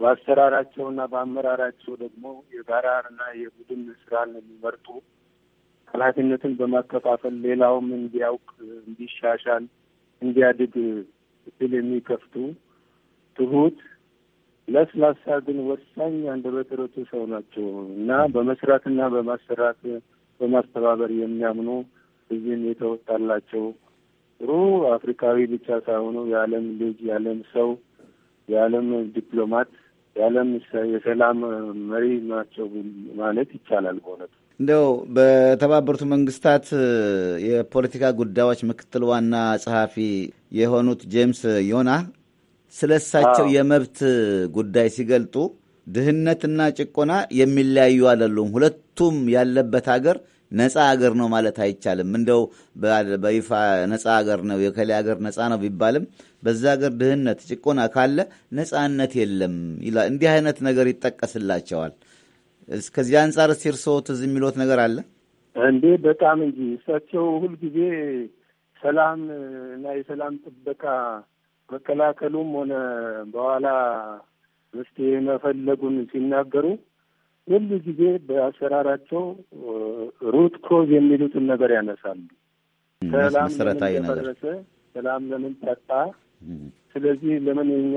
በአሰራራቸውና በአመራራቸው ደግሞ የጋራና የቡድን ስራን የሚመርጡ ኃላፊነትን በማከፋፈል ሌላውም እንዲያውቅ፣ እንዲሻሻል፣ እንዲያድግ እድል የሚከፍቱ ትሁት፣ ለስላሳ ግን ወሳኝ አንደበተ ርቱዕ ሰው ናቸው እና በመስራትና በማሰራት በማስተባበር የሚያምኑ እዚህም የተወጣላቸው ጥሩ አፍሪካዊ ብቻ ሳይሆኑ የዓለም ልጅ የዓለም ሰው የዓለም ዲፕሎማት የዓለም የሰላም መሪ ናቸው ማለት ይቻላል። በእውነቱ እንደው በተባበሩት መንግስታት የፖለቲካ ጉዳዮች ምክትል ዋና ጸሐፊ የሆኑት ጄምስ ዮና ስለ እሳቸው የመብት ጉዳይ ሲገልጡ ድህነትና ጭቆና የሚለያዩ አይደሉም፣ ሁለቱም ያለበት ሀገር ነፃ አገር ነው ማለት አይቻልም። እንደው በይፋ ነፃ አገር ነው የከሌ አገር ነፃ ነው ቢባልም በዛ አገር ድህነት፣ ጭቆና ካለ ነፃነት የለም ይላል። እንዲህ አይነት ነገር ይጠቀስላቸዋል። እስከዚህ አንጻር እስኪ እርስዎ ትዝ የሚሉት ነገር አለ እንዴ? በጣም እንጂ እሳቸው ሁልጊዜ ሰላም እና የሰላም ጥበቃ መከላከሉም ሆነ በኋላ መፍትሄ መፈለጉን ሲናገሩ ሁሉ ጊዜ በአሰራራቸው ሩት ኮዝ የሚሉትን ነገር ያነሳሉ። ሰላም ለምን ደረሰ? ሰላም ለምን ጠጣ? ስለዚህ ለምን የኛ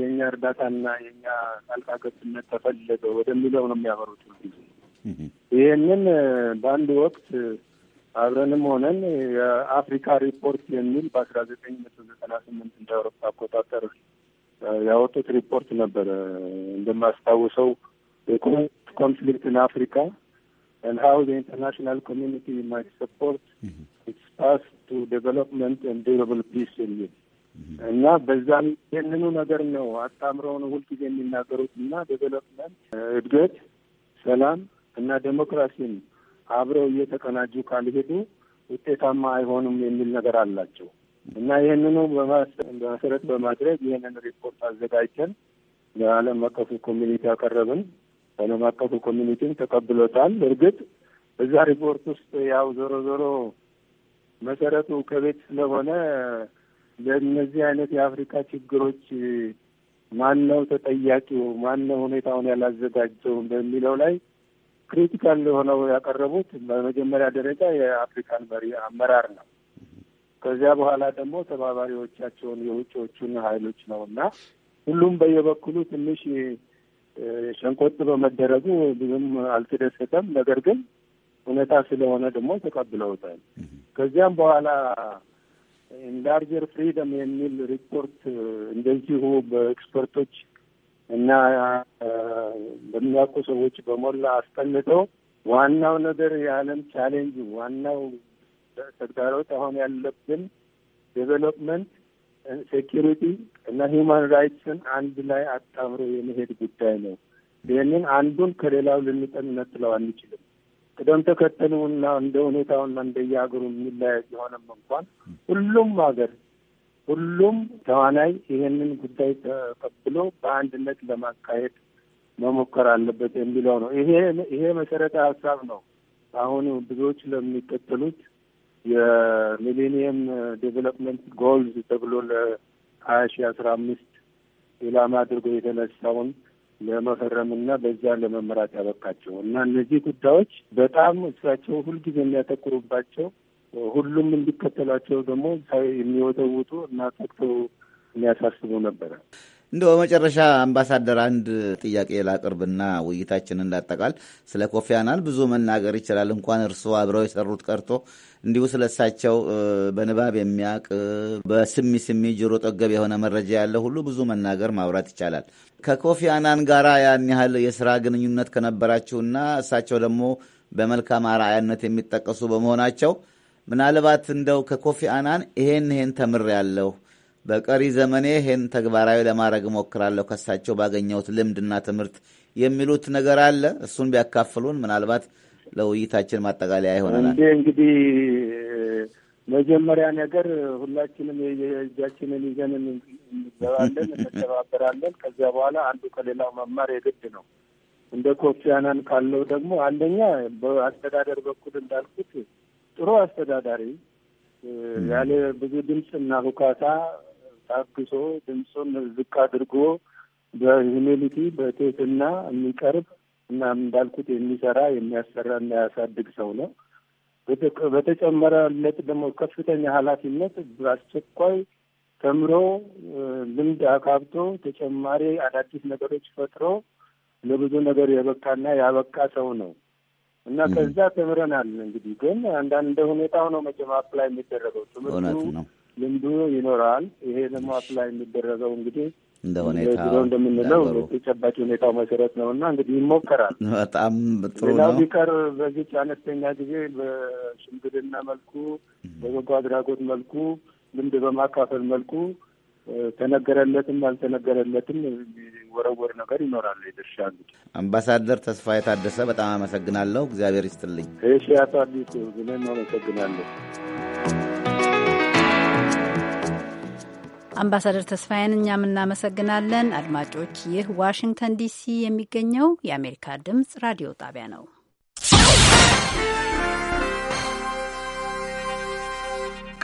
የእኛ እርዳታና የእኛ ጣልቃ ገብነት ተፈለገ ወደሚለው ነው የሚያበሩት። ይህንን በአንድ ወቅት አብረንም ሆነን የአፍሪካ ሪፖርት የሚል በአስራ ዘጠኝ መቶ ዘጠና ስምንት እንደ አውሮፓ አቆጣጠር ያወጡት ሪፖርት ነበረ እንደማስታውሰው conflict in Africa and how the international community might support mm-hmm. its path to development and durable peace in it. እና mm-hmm. በዛም ይህንኑ ነገር ነው አጣምረው ሁልጊዜ የሚናገሩት እና ዴቨሎፕመንት፣ እድገት፣ ሰላም እና ዴሞክራሲን አብረው እየተቀናጁ ካልሄዱ ውጤታማ አይሆኑም የሚል ነገር አላቸው እና ይህንኑ በመሰረት በማድረግ ይህንን ሪፖርት አዘጋጅተን ለአለም አቀፉ ኮሚኒቲ ያቀረብን ዓለም አቀፉ ኮሚኒቲም ተቀብሎታል። እርግጥ እዛ ሪፖርት ውስጥ ያው ዞሮ ዞሮ መሰረቱ ከቤት ስለሆነ ለእነዚህ አይነት የአፍሪካ ችግሮች ማን ነው ተጠያቂው፣ ማን ነው ሁኔታውን ያላዘጋጀው በሚለው ላይ ክሪቲካል ሆነው ያቀረቡት በመጀመሪያ ደረጃ የአፍሪካን መሪ አመራር ነው። ከዚያ በኋላ ደግሞ ተባባሪዎቻቸውን የውጭዎቹን ሀይሎች ነው እና ሁሉም በየበኩሉ ትንሽ ሸንቆጥ በመደረጉ ብዙም አልተደሰተም። ነገር ግን እውነታ ስለሆነ ደግሞ ተቀብለውታል። ከዚያም በኋላ ላርጀር ፍሪደም የሚል ሪፖርት እንደዚሁ በኤክስፐርቶች እና በሚያውቁ ሰዎች በሞላ አስጠንተው ዋናው ነገር የዓለም ቻሌንጅ ዋናው ተግዳሮት አሁን ያለብን ዴቨሎፕመንት ሴኪሪቲ እና ሂውማን ራይትስን አንድ ላይ አጣምሮ የመሄድ ጉዳይ ነው። ይህንን አንዱን ከሌላው ልንጠነጥለው አንችልም። ቅደም ተከተሉና እንደ ሁኔታውና እንደየ ሀገሩ የሚለያይ የሆነም እንኳን ሁሉም ሀገር ሁሉም ተዋናይ ይህንን ጉዳይ ተቀብሎ በአንድነት ለማካሄድ መሞከር አለበት የሚለው ነው። ይሄ ይሄ መሰረተ ሀሳብ ነው። አሁን ብዙዎች ለሚቀጥሉት የሚሌኒየም ዴቨሎፕመንት ጎልዝ ተብሎ ለሀያ ሺ አስራ አምስት ኢላማ አድርጎ የተነሳውን ለመፈረም እና በዛ ለመመራት ያበቃቸው እና እነዚህ ጉዳዮች በጣም እሳቸው ሁልጊዜ የሚያተኩሩባቸው ሁሉም እንዲከተላቸው ደግሞ የሚወተውጡ እና ተግተው የሚያሳስቡ ነበረ። እንደ በመጨረሻ አምባሳደር አንድ ጥያቄ ላቅርብና ውይይታችን እንዳጠቃል። ስለ ኮፊ አናን ብዙ መናገር ይችላል። እንኳን እርስዎ አብረው የሰሩት ቀርቶ እንዲሁ ስለ እሳቸው በንባብ የሚያውቅ በስሚ ስሚ ጆሮ ጠገብ የሆነ መረጃ ያለ ሁሉ ብዙ መናገር ማውራት ይቻላል። ከኮፊ አናን ጋር ያን ያህል የስራ ግንኙነት ከነበራችሁና እሳቸው ደግሞ በመልካም አርአያነት የሚጠቀሱ በመሆናቸው ምናልባት እንደው ከኮፊ አናን ይሄን ይሄን ያለው። በቀሪ ዘመኔ ይህን ተግባራዊ ለማድረግ እሞክራለሁ ከሳቸው ባገኘሁት ልምድና ትምህርት የሚሉት ነገር አለ። እሱን ቢያካፍሉን ምናልባት ለውይይታችን ማጠቃለያ ይሆነናል። እንግዲህ መጀመሪያ ነገር ሁላችንም የእጃችንን ይዘን እንገባለን፣ እንተባበራለን። ከዚያ በኋላ አንዱ ከሌላው መማር የግድ ነው። እንደ ኮፊያናን ካለው ደግሞ አንደኛ በአስተዳደር በኩል እንዳልኩት ጥሩ አስተዳዳሪ ያለ ብዙ እና ሁካታ ታግሶ ድምፁን ዝቅ አድርጎ በሂሜኒቲ በትህትና የሚቀርብ እና እንዳልኩት የሚሰራ የሚያሰራ እና ያሳድግ ሰው ነው። በተጨመረለት ደግሞ ከፍተኛ ኃላፊነት በአስቸኳይ ተምሮ ልምድ አካብቶ ተጨማሪ አዳዲስ ነገሮች ፈጥሮ ለብዙ ነገር የበቃና ያበቃ ሰው ነው እና ከዛ ተምረናል። እንግዲህ ግን አንዳንድ ሁኔታ ነው መቼም አፕላይ የሚደረገው ትምህርቱ ልምዱ ይኖራል። ይሄ ደግሞ አፕላይ የሚደረገው እንግዲህ እንደ ሁኔታ እንደምንለው ተጨባጭ ሁኔታው መሰረት ነው እና እንግዲህ ይሞከራል። በጣም ጥሩ ነው። ሌላው ቢቀር በዚህ አነስተኛ ጊዜ በሽምግልና መልኩ፣ በበጎ አድራጎት መልኩ፣ ልምድ በማካፈል መልኩ ተነገረለትም አልተነገረለትም ወረወር ነገር ይኖራል። የድርሻ አምባሳደር ተስፋ የታደሰ በጣም አመሰግናለሁ። እግዚአብሔር ይስጥልኝ። እሺ አቶ አዲሱ ብለን አመሰግናለሁ። አምባሳደር ተስፋዬን እኛም እናመሰግናለን። አድማጮች፣ ይህ ዋሽንግተን ዲሲ የሚገኘው የአሜሪካ ድምፅ ራዲዮ ጣቢያ ነው።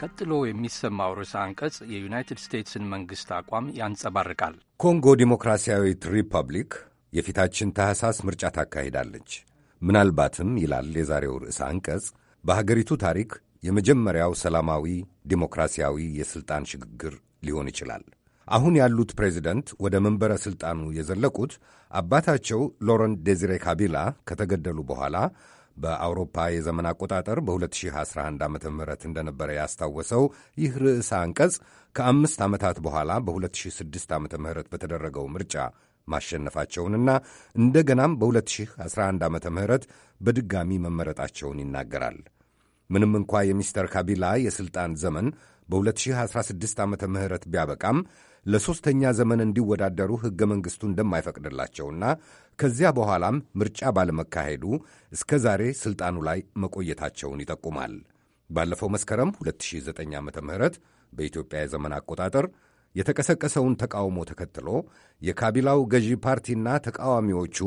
ቀጥሎ የሚሰማው ርዕሰ አንቀጽ የዩናይትድ ስቴትስን መንግሥት አቋም ያንጸባርቃል። ኮንጎ ዲሞክራሲያዊት ሪፐብሊክ የፊታችን ታህሳስ ምርጫ ታካሂዳለች። ምናልባትም ይላል የዛሬው ርዕሰ አንቀጽ በሀገሪቱ ታሪክ የመጀመሪያው ሰላማዊ ዲሞክራሲያዊ የሥልጣን ሽግግር ሊሆን ይችላል። አሁን ያሉት ፕሬዚደንት ወደ መንበረ ሥልጣኑ የዘለቁት አባታቸው ሎረን ዴዚሬ ካቢላ ከተገደሉ በኋላ በአውሮፓ የዘመን አቆጣጠር በ2011 ዓ ም እንደነበረ ያስታወሰው ይህ ርዕሰ አንቀጽ ከአምስት ዓመታት በኋላ በ2006 ዓ ም በተደረገው ምርጫ ማሸነፋቸውንና እንደገናም በ2011 ዓ ም በድጋሚ መመረጣቸውን ይናገራል። ምንም እንኳ የሚስተር ካቢላ የሥልጣን ዘመን በ2016 ዓመተ ምህረት ቢያበቃም ለሦስተኛ ዘመን እንዲወዳደሩ ሕገ መንግሥቱ እንደማይፈቅድላቸውና ከዚያ በኋላም ምርጫ ባለመካሄዱ እስከ ዛሬ ሥልጣኑ ላይ መቆየታቸውን ይጠቁማል። ባለፈው መስከረም 2009 ዓ ም በኢትዮጵያ የዘመን አቆጣጠር የተቀሰቀሰውን ተቃውሞ ተከትሎ የካቢላው ገዢ ፓርቲና ተቃዋሚዎቹ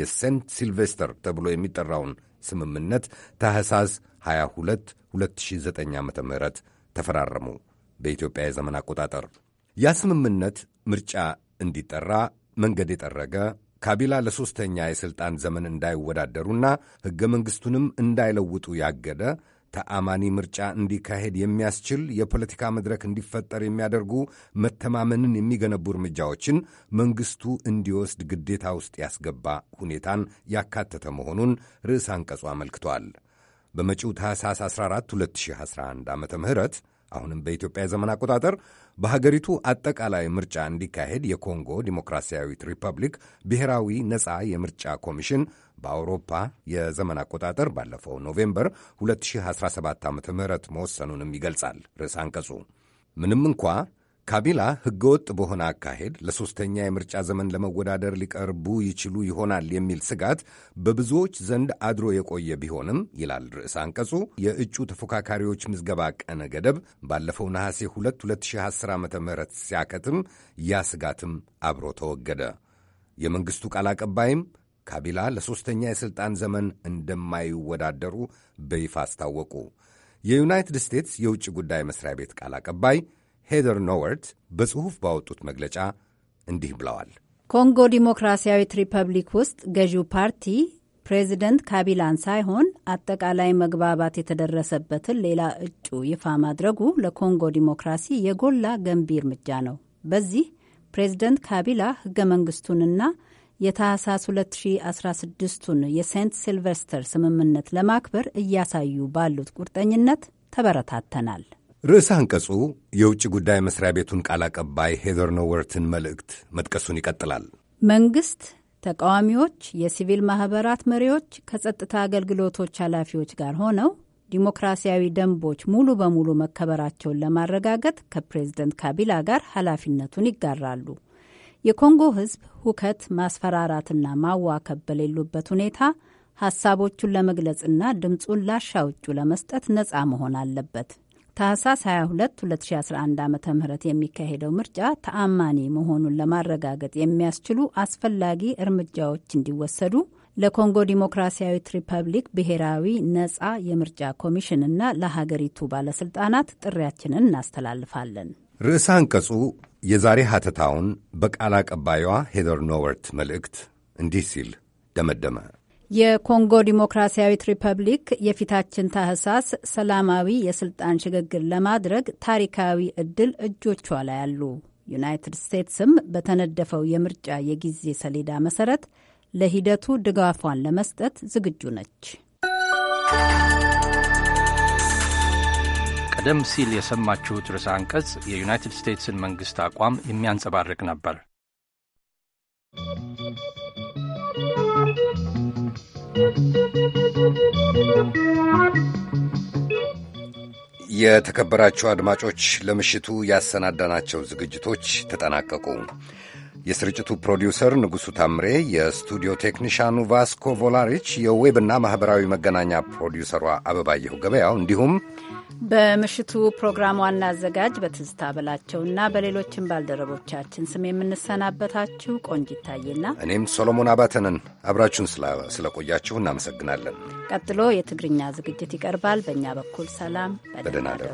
የሴንት ሲልቬስተር ተብሎ የሚጠራውን ስምምነት ታህሳስ 22 2009 ዓ ም ተፈራረሙ በኢትዮጵያ የዘመን አቆጣጠር። ያ ስምምነት ምርጫ እንዲጠራ መንገድ የጠረገ ካቢላ ለሦስተኛ የሥልጣን ዘመን እንዳይወዳደሩና ሕገ መንግሥቱንም እንዳይለውጡ ያገደ ተአማኒ ምርጫ እንዲካሄድ የሚያስችል የፖለቲካ መድረክ እንዲፈጠር የሚያደርጉ መተማመንን የሚገነቡ እርምጃዎችን መንግስቱ እንዲወስድ ግዴታ ውስጥ ያስገባ ሁኔታን ያካተተ መሆኑን ርዕስ አንቀጹ አመልክቷል። በመጪው ታህሳስ 14 2011 ዓ ም አሁንም በኢትዮጵያ የዘመን አቆጣጠር በሀገሪቱ አጠቃላይ ምርጫ እንዲካሄድ የኮንጎ ዲሞክራሲያዊት ሪፐብሊክ ብሔራዊ ነፃ የምርጫ ኮሚሽን በአውሮፓ የዘመን አቆጣጠር ባለፈው ኖቬምበር 2017 ዓ ም መወሰኑንም ይገልጻል ርዕስ አንቀጹ። ምንም እንኳ ካቢላ ሕገወጥ በሆነ አካሄድ ለሦስተኛ የምርጫ ዘመን ለመወዳደር ሊቀርቡ ይችሉ ይሆናል የሚል ስጋት በብዙዎች ዘንድ አድሮ የቆየ ቢሆንም ይላል ርዕስ አንቀጹ፣ የእጩ ተፎካካሪዎች ምዝገባ ቀነ ገደብ ባለፈው ነሐሴ 2 2010 ዓ ም ሲያከትም ያ ስጋትም አብሮ ተወገደ። የመንግሥቱ ቃል አቀባይም ካቢላ ለሦስተኛ የሥልጣን ዘመን እንደማይወዳደሩ በይፋ አስታወቁ። የዩናይትድ ስቴትስ የውጭ ጉዳይ መስሪያ ቤት ቃል አቀባይ ሄደር ኖወርት በጽሑፍ ባወጡት መግለጫ እንዲህ ብለዋል። ኮንጎ ዲሞክራሲያዊት ሪፐብሊክ ውስጥ ገዢው ፓርቲ ፕሬዚደንት ካቢላን ሳይሆን አጠቃላይ መግባባት የተደረሰበትን ሌላ እጩ ይፋ ማድረጉ ለኮንጎ ዲሞክራሲ የጎላ ገንቢ እርምጃ ነው። በዚህ ፕሬዚደንት ካቢላ ህገ መንግስቱንና የታህሳስ 2016ቱን የሴንት ሲልቨስተር ስምምነት ለማክበር እያሳዩ ባሉት ቁርጠኝነት ተበረታተናል። ርዕሰ አንቀጹ የውጭ ጉዳይ መስሪያ ቤቱን ቃል አቀባይ ሄዘር ኖወርትን መልእክት መጥቀሱን ይቀጥላል። መንግስት፣ ተቃዋሚዎች፣ የሲቪል ማህበራት መሪዎች ከጸጥታ አገልግሎቶች ኃላፊዎች ጋር ሆነው ዲሞክራሲያዊ ደንቦች ሙሉ በሙሉ መከበራቸውን ለማረጋገጥ ከፕሬዝደንት ካቢላ ጋር ኃላፊነቱን ይጋራሉ። የኮንጎ ህዝብ ሁከት፣ ማስፈራራትና ማዋከብ በሌሉበት ሁኔታ ሀሳቦቹን ለመግለጽና ድምፁን ላሻውጩ ለመስጠት ነጻ መሆን አለበት። ታህሳስ 22 2011 ዓ ም የሚካሄደው ምርጫ ተአማኒ መሆኑን ለማረጋገጥ የሚያስችሉ አስፈላጊ እርምጃዎች እንዲወሰዱ ለኮንጎ ዲሞክራሲያዊት ሪፐብሊክ ብሔራዊ ነጻ የምርጫ ኮሚሽንና ለሀገሪቱ ባለስልጣናት ጥሪያችንን እናስተላልፋለን። ርዕሰ አንቀጹ የዛሬ ሐተታውን በቃል አቀባዩዋ ሄደር ኖወርት መልእክት እንዲህ ሲል ደመደመ። የኮንጎ ዲሞክራሲያዊት ሪፐብሊክ የፊታችን ታህሳስ ሰላማዊ የስልጣን ሽግግር ለማድረግ ታሪካዊ እድል እጆቿ ላይ አሉ። ዩናይትድ ስቴትስም በተነደፈው የምርጫ የጊዜ ሰሌዳ መሰረት ለሂደቱ ድጋፏን ለመስጠት ዝግጁ ነች። ቀደም ሲል የሰማችሁት ርዕሰ አንቀጽ የዩናይትድ ስቴትስን መንግሥት አቋም የሚያንጸባርቅ ነበር። የተከበራችሁ አድማጮች ለምሽቱ ያሰናዳናቸው ዝግጅቶች ተጠናቀቁ። የስርጭቱ ፕሮዲውሰር ንጉሡ ታምሬ፣ የስቱዲዮ ቴክኒሻኑ ቫስኮ ቮላሪች፣ የዌብና ማኅበራዊ መገናኛ ፕሮዲውሰሯ አበባየሁ ገበያው እንዲሁም በምሽቱ ፕሮግራም ዋና አዘጋጅ በትዝታ በላቸውና በሌሎችም ባልደረቦቻችን ስም የምንሰናበታችሁ ቆንጅ ይታየና እኔም ሶሎሞን አባተንን አብራችሁን ስለቆያችሁ እናመሰግናለን። ቀጥሎ የትግርኛ ዝግጅት ይቀርባል። በእኛ በኩል ሰላም፣ በደህና እደሩ።